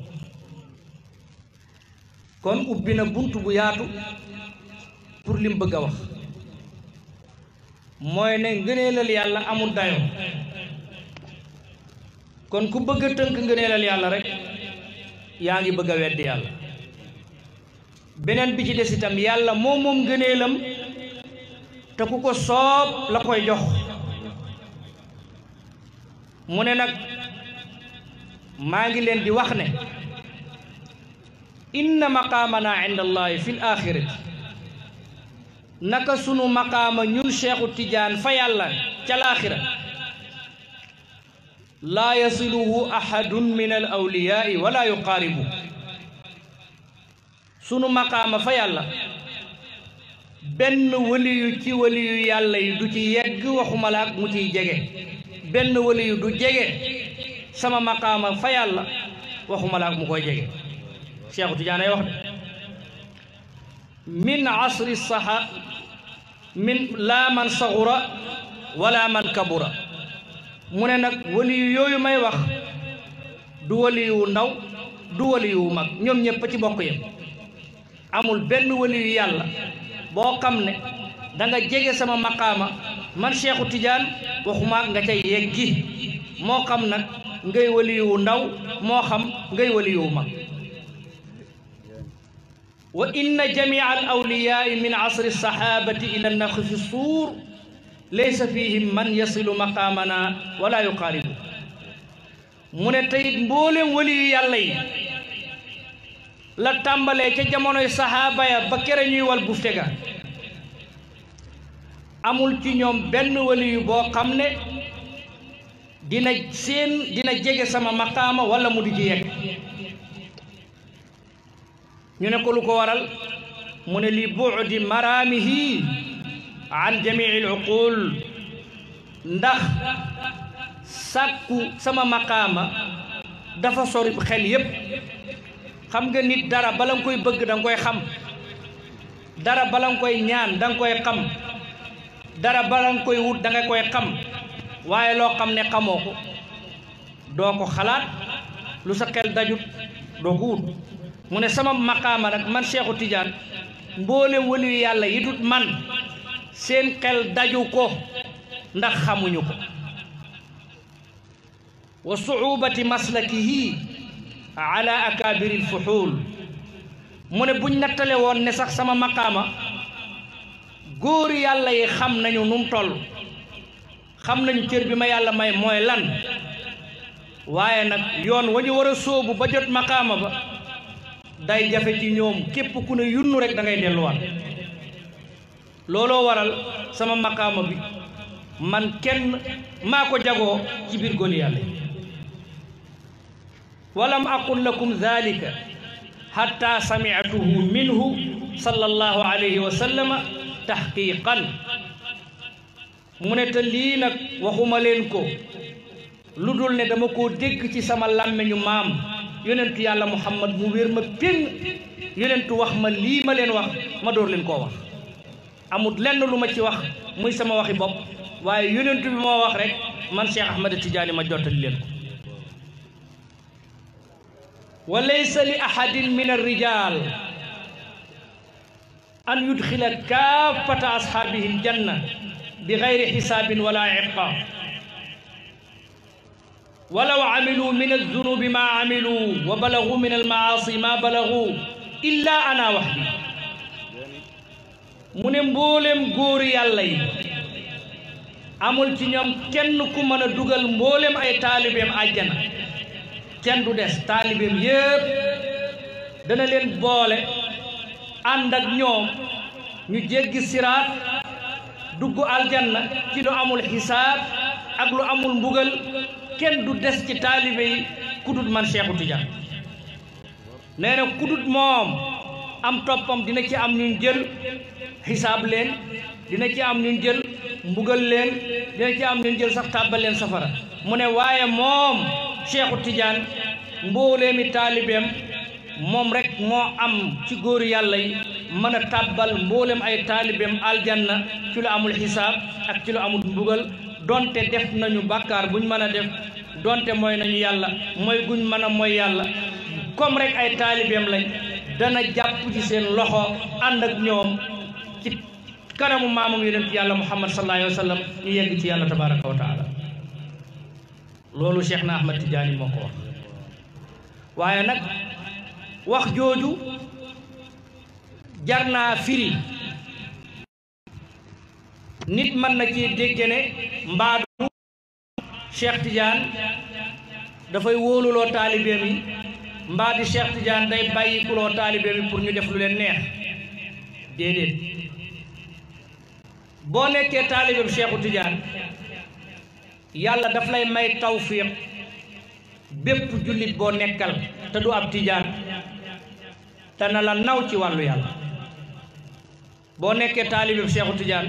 kon ubbi na bunt bu yaatu pour lim bëgg a wax mooy ne ngëneelal yàlla amul dayo kon ku bëgg a tënk ngëneelal yàlla rek yaa ngi bëgg a weddi yàlla beneen bi ci des itam yàlla moo moom ngëneelam te ku ko soob la koy jox mu ne nag maa ngi leen di wax ne inna maqaamana inda allahi fi l naka sunu maqaama ñun cheikhu tidiane fa yàlla ca laaxira laa yasiluhu ahadun min al awliyaai wala yuqaaribu sunu maqaama fa yàlla benn waliyu ci waliyu yàlla yi du ci yegg waxuma la mu ciy jege benn waliyu du jege sama maqaama fa yàlla waxuma laa mu koy jege Cheikhu Tidiane ay wax de min asri saha min laa man saxura wala man kabura mu ne nag waliyu yooyu may wax du waliyu ndaw du waliyu mag ñoom ñëpp ci bokk yam amul benn waliyu yàlla boo xam ne da nga jege sama maqaama man Cheikhu Tidiane waxuma nga cay yeggi moo xam nag ngay waliyu ndaw moo xam ngay waliyu wa inna jamia al min asri sahabati ila nafxi suur laysa fihim man yasilu maqaamana wala yuqaaribu mu ne teyit mboolem waliyu yàlla yi la tàmbalee ca jamonoy sahaaba ya ba kere ñuy wal bufte ga amul ci ñoom benn waliyu boo xam ne dina seen dina jege sama maqaama wala mu du ci yegg ñu ne ko lu ko waral mu ne li bu'di maraamihi an jamii al-uqul ndax sàkku sama maqaama dafa sori xel yépp xam nga nit dara bala nga koy bëgg da koy xam dara bala nga koy ñaan da koy xam dara bala nga koy wut danga koy xam waaye loo xam ne xamoo ko doo ko xalaat lu sa xel dajut doo ko mu ne sama maqaama nag man Seexu tiijaan mboolem waliyu yàlla yi dut man seen xel daju ko ndax xamuñu ko wa suubati maslakihi ala akabiril fuxuul mu ne buñ nattale woon ne sax sama maqaama góor yàlla yi xam nañu num toll xam nañu cër bi ma yàlla may mooy lan waaye nag yoon wañu wara war a sóobu ba jot maqaama ba day jafe ci ñoom képp ku ne yunnu rek dangay ngay delluwaat looloo waral sama maqaama bi man kenn maa ko jagoo ci biir gone yàlla yi walam aqul lakum dalika hatta sami'tuhu minhu sallallahu alayhi wa sallama mu ne te lii nag waxuma leen ko lu dul ne dama koo dégg ci sama làmmiñu maam yonentu yàlla muhammad mu wér ma péng yonentu wax ma lii ma leen wax ma door leen koo wax amut lenn lu ma ci wax muy sama waxi bopp waaye yonentu bi moo wax rek man Cheikh Ahmad Tidiane ma jottali leen ko wa laysa li ahadin min alrijal an yudxila kaafata ashaabihi aljanna bi gayri xisaabin wala iqaab walaw amilu min alzunubi ma amilu wa balagu min almaasi ma balagu illa ana waxdi mu ne mboolem góor yàlla yi amul ci ñoom kenn ku mën a dugal mboolem ay taalibeem àjjana kenn du des taalibeem yépp dana leen boole ànd ñoom ñu jéggi siraat dugg aljanna ci lu amul xisaab ak lu amul mbugal kenn du des ci taalibe yi kudut man Seexu Tijaan nee na kudut moom am toppam dina ci am ñun jël xisaab leen dina ci am ñun jël mbugal leen dina ci am ñun jël sax tàbbal leen safara mu ne waaye moom Seexu Tijaan mbooleemi taalibeem moom rek moo am ci góoru yàlla yi mën a tàbbal mboolem ay taalibeem aljanna ci lu amul xisaab ak ci lu amul mbugal donte def nañu bàkkaar buñ mën a def donte mooy nañu yàlla mooy guñ mën a mooy yàlla comme rek ay taalibeem lañ dana jàpp ci seen loxo ànd ak ñoom ci kanamu maamam yonent yàlla muhammad sallallahu alayhi wa sallam ñu yegg ci yàlla tabaraka wa taala loolu cheikh na ahmad tijaani moo wax waaye nag wax jooju jar naa firi nit mën na ci dégg ne mbaadu Cheikh Tidiane dafay wóoluloo taalibeem yi mbaadi Cheikh Tidiane day bàyyikuloo taalibeem yi pour ñu def lu leen neex déedéet boo nekkee taalibeem Cheikhu Tidiane yàlla daf lay may tawfiq bépp jullit boo nekkal te du ab tijaan na la naw ci wàllu yàlla boo nekkee taalibe Seexu Tijaan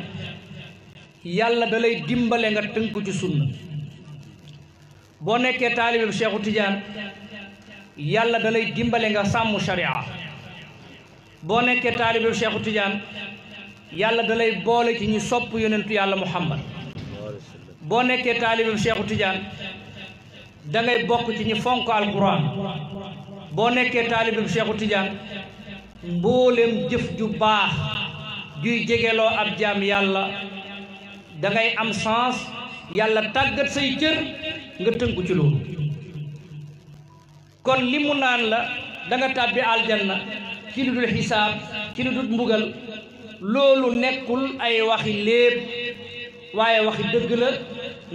yàlla da dimbale nga tënku ci nekkee taalibe Seexu Tijaan yàlla dalay dimbale nga sàmm sharia boo nekkee taalibe Seexu Tijaan yàlla dalay boole ci ñu sopp yonentu yàlla Muhammad boo nekkee taalibe Seexu Tijaan da bokk ci ñu fonk alquran boo nekkee taalibe Seexu Tijaan mbooleem jëf ju baax juy jegeloo ab jaam yàlla da am sens yàlla tàggat say cër nga tënku ci loolu kon li mu naan la danga nga tàbbi aljanna ci lu dul xisaab ci lu dul mbugal loolu nekkul ay waxi léeb waaye waxi dëgg la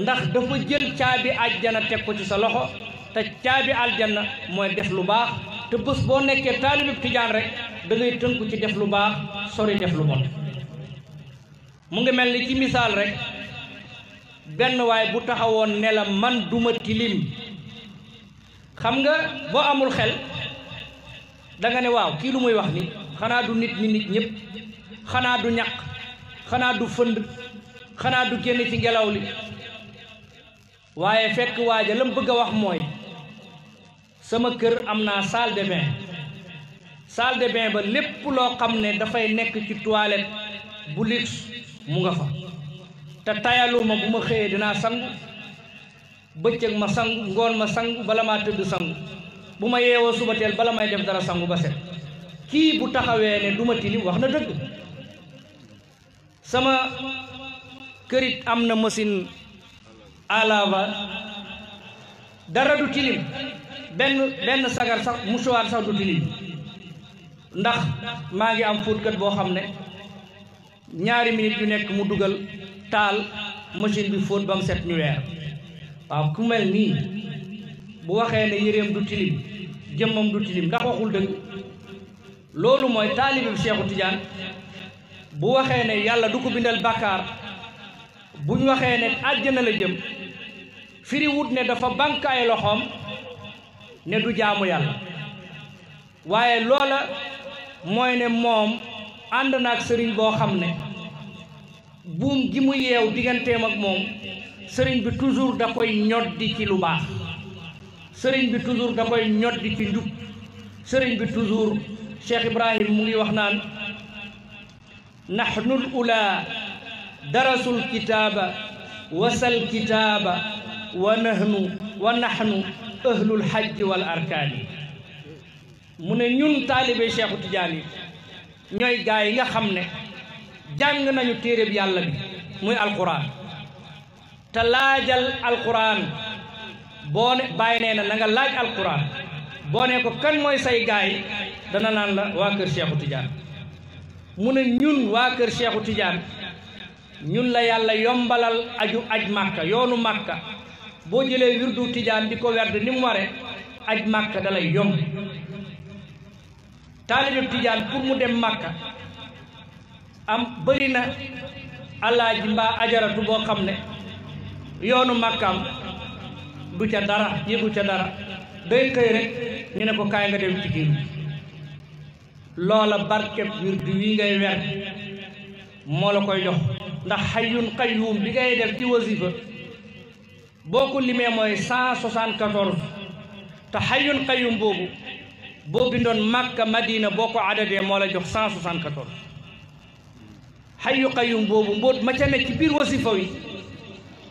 ndax dafa jël caabi aljanna teg ko ci sa loxo te caabi aljana mooy def lu baax te bés boo nekkee taalibib tijaan rek da ngay tënku ci def lu baax sori def lu bon mu ngi mel ni ci misaal rek benn waay bu taxawoon ne la man duma tilim xam nga boo amul xel da ne waaw kii lu muy wax ni xanaa du nit ni nit ñëpp xanaa du ñaq xanaa du fënd xanaa du génn ci ngelaw li waaye fekk waaja lam bëgg a wax mooy sama kër am naa salle de bain salle de bain ba lépp loo xam ne dafay nekk ci toilette bu luxe mu nga fa te tayaluma bu ma xëyee dinaa sangu bëccëg ma sangu ngoon ma sangu bala maa tëdd sangu bu ma yeewoo suba teel bala may def dara sangu ba set kii bu taxawee ne du ma tilim wax na dëgg sama kërit am na machine à dara du tilim benn benn sagar sax mouchoir sax du tilim ndax maa ngi am fóotkat boo xam ne ñaari minute yu nekk mu dugal taal machine bi fóot ba set ñu weer waaw ku mel nii bu waxee ne yëreem du tilim jëmmam du tilim ndax waxul dëgg loolu mooy taalibi Cheikhu Tidiane bu waxee ne yàlla du ko bindal bàkkaar bu ñu waxee ne àjjana la jëm firi ne dafa bank ay loxoom ne du jaamu yàlla waaye loola mooy ne moom ànd na sëriñ boo xam ne buum gi mu yeew digganteem ak moom sëriñ bi toujours dakoy koy ñoddi ci lu baax sëriñ bi toujours da koy ñoddi ci njub sëriñ bi toujours Cheikh Ibrahim mu ngi wax naan nahnul ula darasul kitaaba wasal kitaaba wa nahnu wa nahnu ahlul hajji wal arkaani mu ne ñun taalibe Cheikhu Tidiane yi ñooy gaa yi nga xam ne jàng nañu téere téereb yàlla bi muy alquran te laajal alquran boo ne bàyyi nee na nga laaj alquran boo ne ko kan mooy say gaa yi dana naan la waa kër Cheikhu Tidiane mu ne ñun waa kër Cheikhu Tidiane ñun la yàlla yombalal aju aj màkka yoonu màkka boo jëlee wirdu Tidiane di ko werd ni mu ware aj màkka dalay yomb taalibe tijaan pour mu dem màkka am bëri na alaaji mbaa ajaratu boo xam ne yoonu màkkaam du ca dara yëgu ca dara day xëy rek ñu ne ko kaay nga dem ci giir loola barkeb wird wi ngay wer moo la koy jox ndax xayyun qayyum bi ngay def ci wasifa boo ko limee mooy cent soixante-quatorze te xayyun qayyum boobu boo bindoon Makka Madina boo ko adadee moo la jox 174 xayu qayum boobu mbóot ma ca nekk ci biir wasifa wi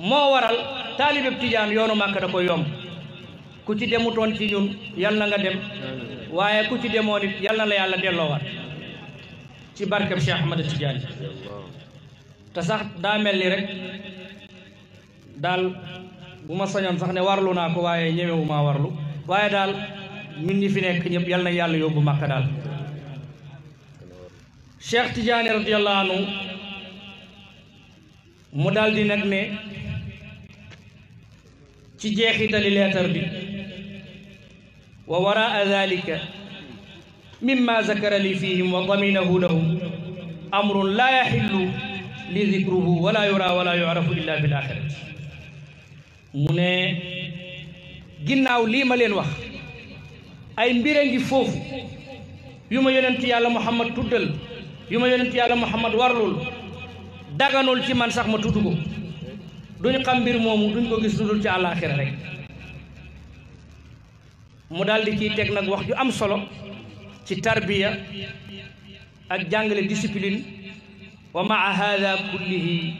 moo waral taalibeb tijaan yoonu Makka da ko yomb ku ci demutoon ci ñun yal na nga dem waaye ku ci demoon it yal na la yàlla delloowaat ci barkeb Cheikh Ahmada Tidiane te sax daa mel ni rek daal bu ma sañoon sax ne warlu naa ko waaye ñemewu maa warlu waaye daal ñun ñi fi nekk ñëpp yal na yàlla yóbbu màkka daal Cheikh Tidiane radiyallahu anhu mu daal di nag ne ci jeexitali leetar bi wa waraa dalika mimma zakara li fihim wa daminahu lahum amrun laa yaxillu li dikruhu wala yura wala yurafu illa bil axirati mu ne ginnaaw lii ma leen wax ay mbir a ngi foofu yu ma yonent yàlla muhammad tuddal yu ma yonent yàlla muhammad warlul daganul ci man sax ma tudd ko duñ xam mbir moomu duñ ko gis lu dul ci àllaaxira rek mu daal di ciy teg nag wax ju am solo ci tarbiya ak jàngale discipline wa maa hada kullihi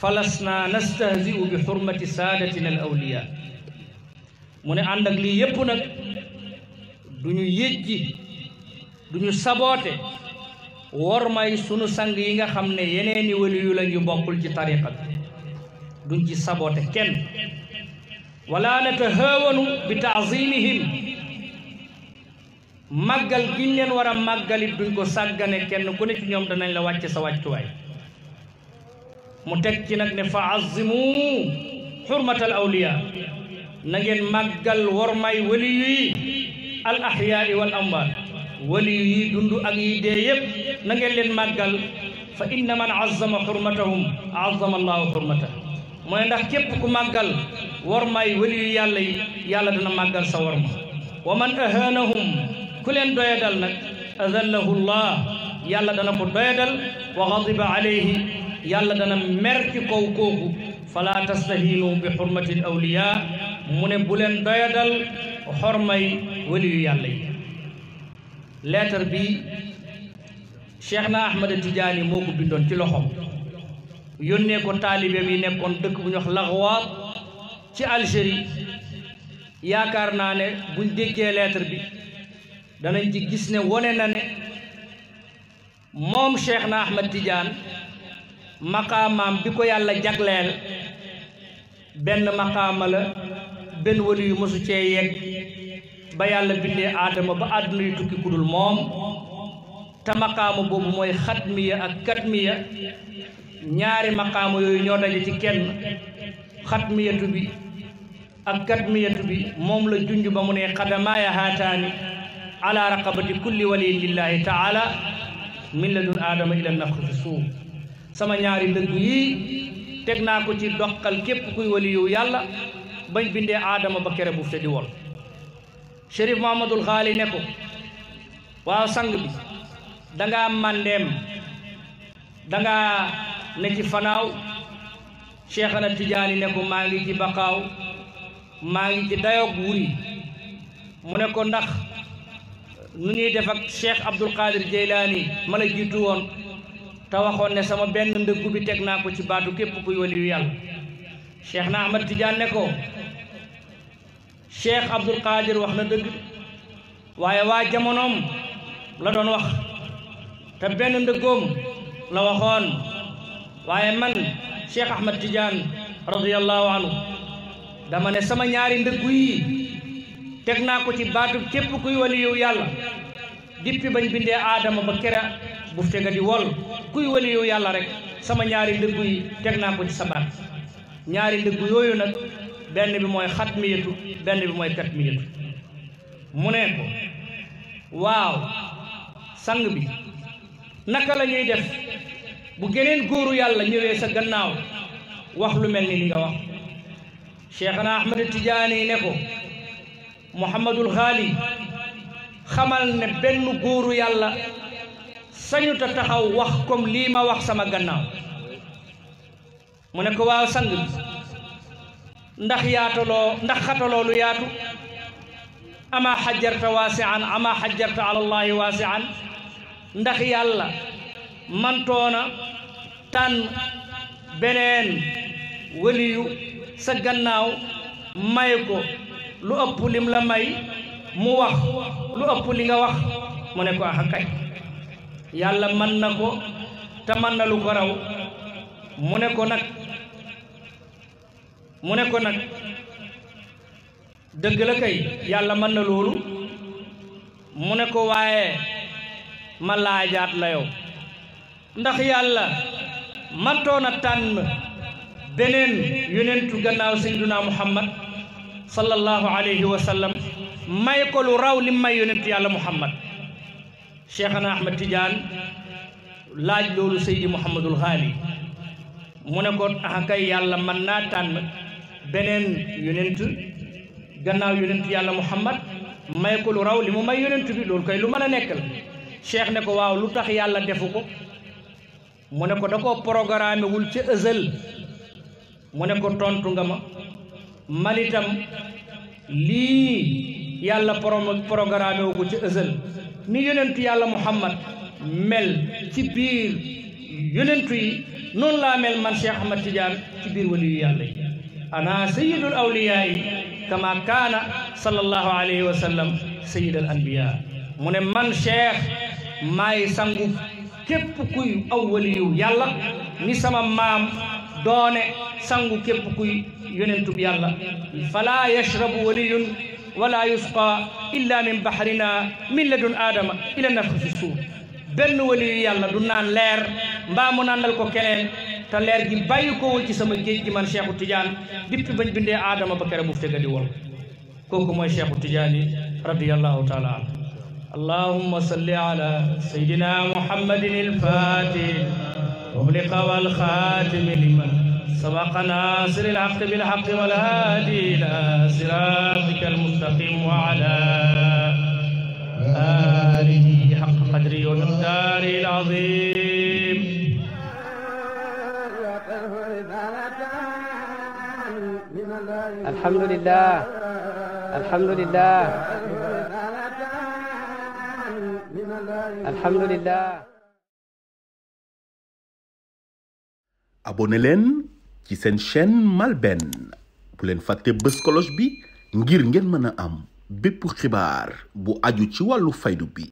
falasna nastahziu bi xurmati saadatina al awliya mu ne ànd ak lii yépp nag du ñu yëjji du ñu saboote wor may sunu sang yi nga xam ne yeneeni waliyu la ñu bokkul ci tariqa bi duñ ci saboote kenn wala natahawanu bi taazimihim màggal giñ leen war a màggalit duñ ko sàggane kenn ku ne ci ñoom danañ la wàcce sa wàccuwaay mu teg ci nag ne fa azimu xurmatal awliya na ngeen màggal wormay waliyu yi al ahyaai wal amwaat waliyu yi dund ak yi dee yépp na ngeen leen màggal fa inna man azzama xurmatahum azzama allahu xurmatah mu ne ndax képp ku waliyu yàlla yi dana màggal sa worma wa man ahanahum ku doyadal nag azallahu doyadal wa gadiba alayhi yàlla dana mer ci fala tastahiinu bi xurmati al mu ne bu leen doyadal xormay wëli yu yàlla yi leetar bi cheikh na ahmada tijaani moo ko bindoon ci loxoom yónnee ko taalibeem yi nekkoon dëkk bu ñox wax laxwaat ci Algérie yaakaar naa ne buñ déggee leetar bi danañ ci gis ne wone na ne moom cheikh na ahmad tijaan maqaamaam bi ko yàlla jagleel benn maqaama la benn wali yu mosu cee ba yàlla bindee aadama ba àdduna yu tukki kudul moom te maqaama boobu mooy xatmiya ak katmiya ñaari maqaama yooyu ñoo daje ci kenn xatmiyatu bi ak katmiyatu bi moom la junj ba mu ne xadamaaya haataani ala raqabati kulli waliyin lillahi taala min aadama ila nafxi fi sama ñaari ndëgg yi teg naa ko ci doqal képp kuy waliyu yàlla bañ bindee aadama ba kere bu te di woon Chérif Mahamadul Xaali ne ko waaw sang bi dangaa màndeem dangaa ne ci fanaaw Cheikhana Tijaani ne ko maa ngi ci baqaaw maa ngi ci dayoog wuri mu ne ko ndax nu ñuy def ak Cheikh Abdul Qadir Jeylaani ma la jiitu woon te waxoon ne sama benn ndëggu bi teg naa ko ci baatu képp kuy waliyu yàlla cheikh na ahmad tidiane ne ko cheikh abdul qadir wax na dëgg waaye waa jamonoom la doon wax te benn ndëggoom la waxoon waaye man cheikh ahmad tidiane radiallahu anhu dama ne sama ñaari ndëggu yi teg naa ko ci baatu képp kuy wali yow yàlla dippi bañ bindee aadama ba kera bu tega di wol kuy wali yow yàlla rek sama ñaari ndëggu yi teg naa ko ci sa ñaari ndëgg yooyu nag benn bi mooy xatmiyatu benn bi mooy katmiyatu mu ne ko waaw sang bi naka la ñuy def bu geneen góoru yàlla ñëwee sa gannaaw wax lu mel ni li nga wax cheikhana ahmad tijaani ne ko muhammadul xaali xamal ne benn góoru yàlla sañu ta taxaw wax comme lii ma wax sama gannaaw mu ne ko waaw sang bi ndax yaataloo ndax xataloo lu yaatu ama xajarta waasian ama xajarta alallahi waasian ndax yàlla mantoona tànn beneen waliyu sa gannaaw may ko lu ëpp lim la may mu wax lu ëpp li nga wax mu ne ko axa kay yàlla mën na ko te mën na lu ko mu ne ko nag mu ne ko nag dëgg la kay yàlla mën na loolu mu ne ko waaye ma laajaat la yow ndax yàlla mantoon a tànn beneen yonentu gannaaw sayyiduna muhammad sallallahu alayhi wa sallam may ko lu raw li may yonentu yàlla muhammad cheikhana ahmad tidiane laaj loolu saydi muhammadul xaali mu ne ko axakay ah, yàlla man naa tànn beneen yonent gannaaw yonent yàlla muhammad may ko lu raw li mu may yonent bi loolu koy lu man a nekk la cheikh ne ko waaw lu tax yàlla defu ko mu ne ko da koo programme wul ca ësël mu ne ko tontu nga ma manitam lii yàlla programme wu ko ca ësël ni yonent yàlla muhammad mel ci biir yonentu yi noonu laa mel man Cheikh Ahmad Tidiane ci biir wali yàlla yi ana sayidul awliyaa yi kama kaana sallallahu alayhi wa man Cheikh maay sangu képp aw waliyu yàlla ni sama maam doone sangu képp kuy yonentub yàlla fala yashrabu waliyun wala yusqa illa min bahrina min ladun aadama ila nafxi fi benn waliyu yàlla du naan leer mbaa mu nàndal ko keneen te leer gi bàyyi koowul ci sama géej gi man Cheikhu Tidiane dippi bañ bindee aadama ba kere buuf tega di wol kooku mooy Cheikhu Tidiane radiyallahu taala anhu allahumma salli ala sayyidina muhammadin al-fatih mughliqa wal khatimi liman sabaqa nasiril haqqi bil haqqi wal hadi ila siratika al mustaqim wa ala آله حق قدره ومقداره العظيم الحمد لله الحمد لله الحمد لله abonné leen ci seen chaîne MALBN bu leen fàtte bës cloche bi ngir ngeen mën a am bépp xibaar bu aju ci wàllu faydu bi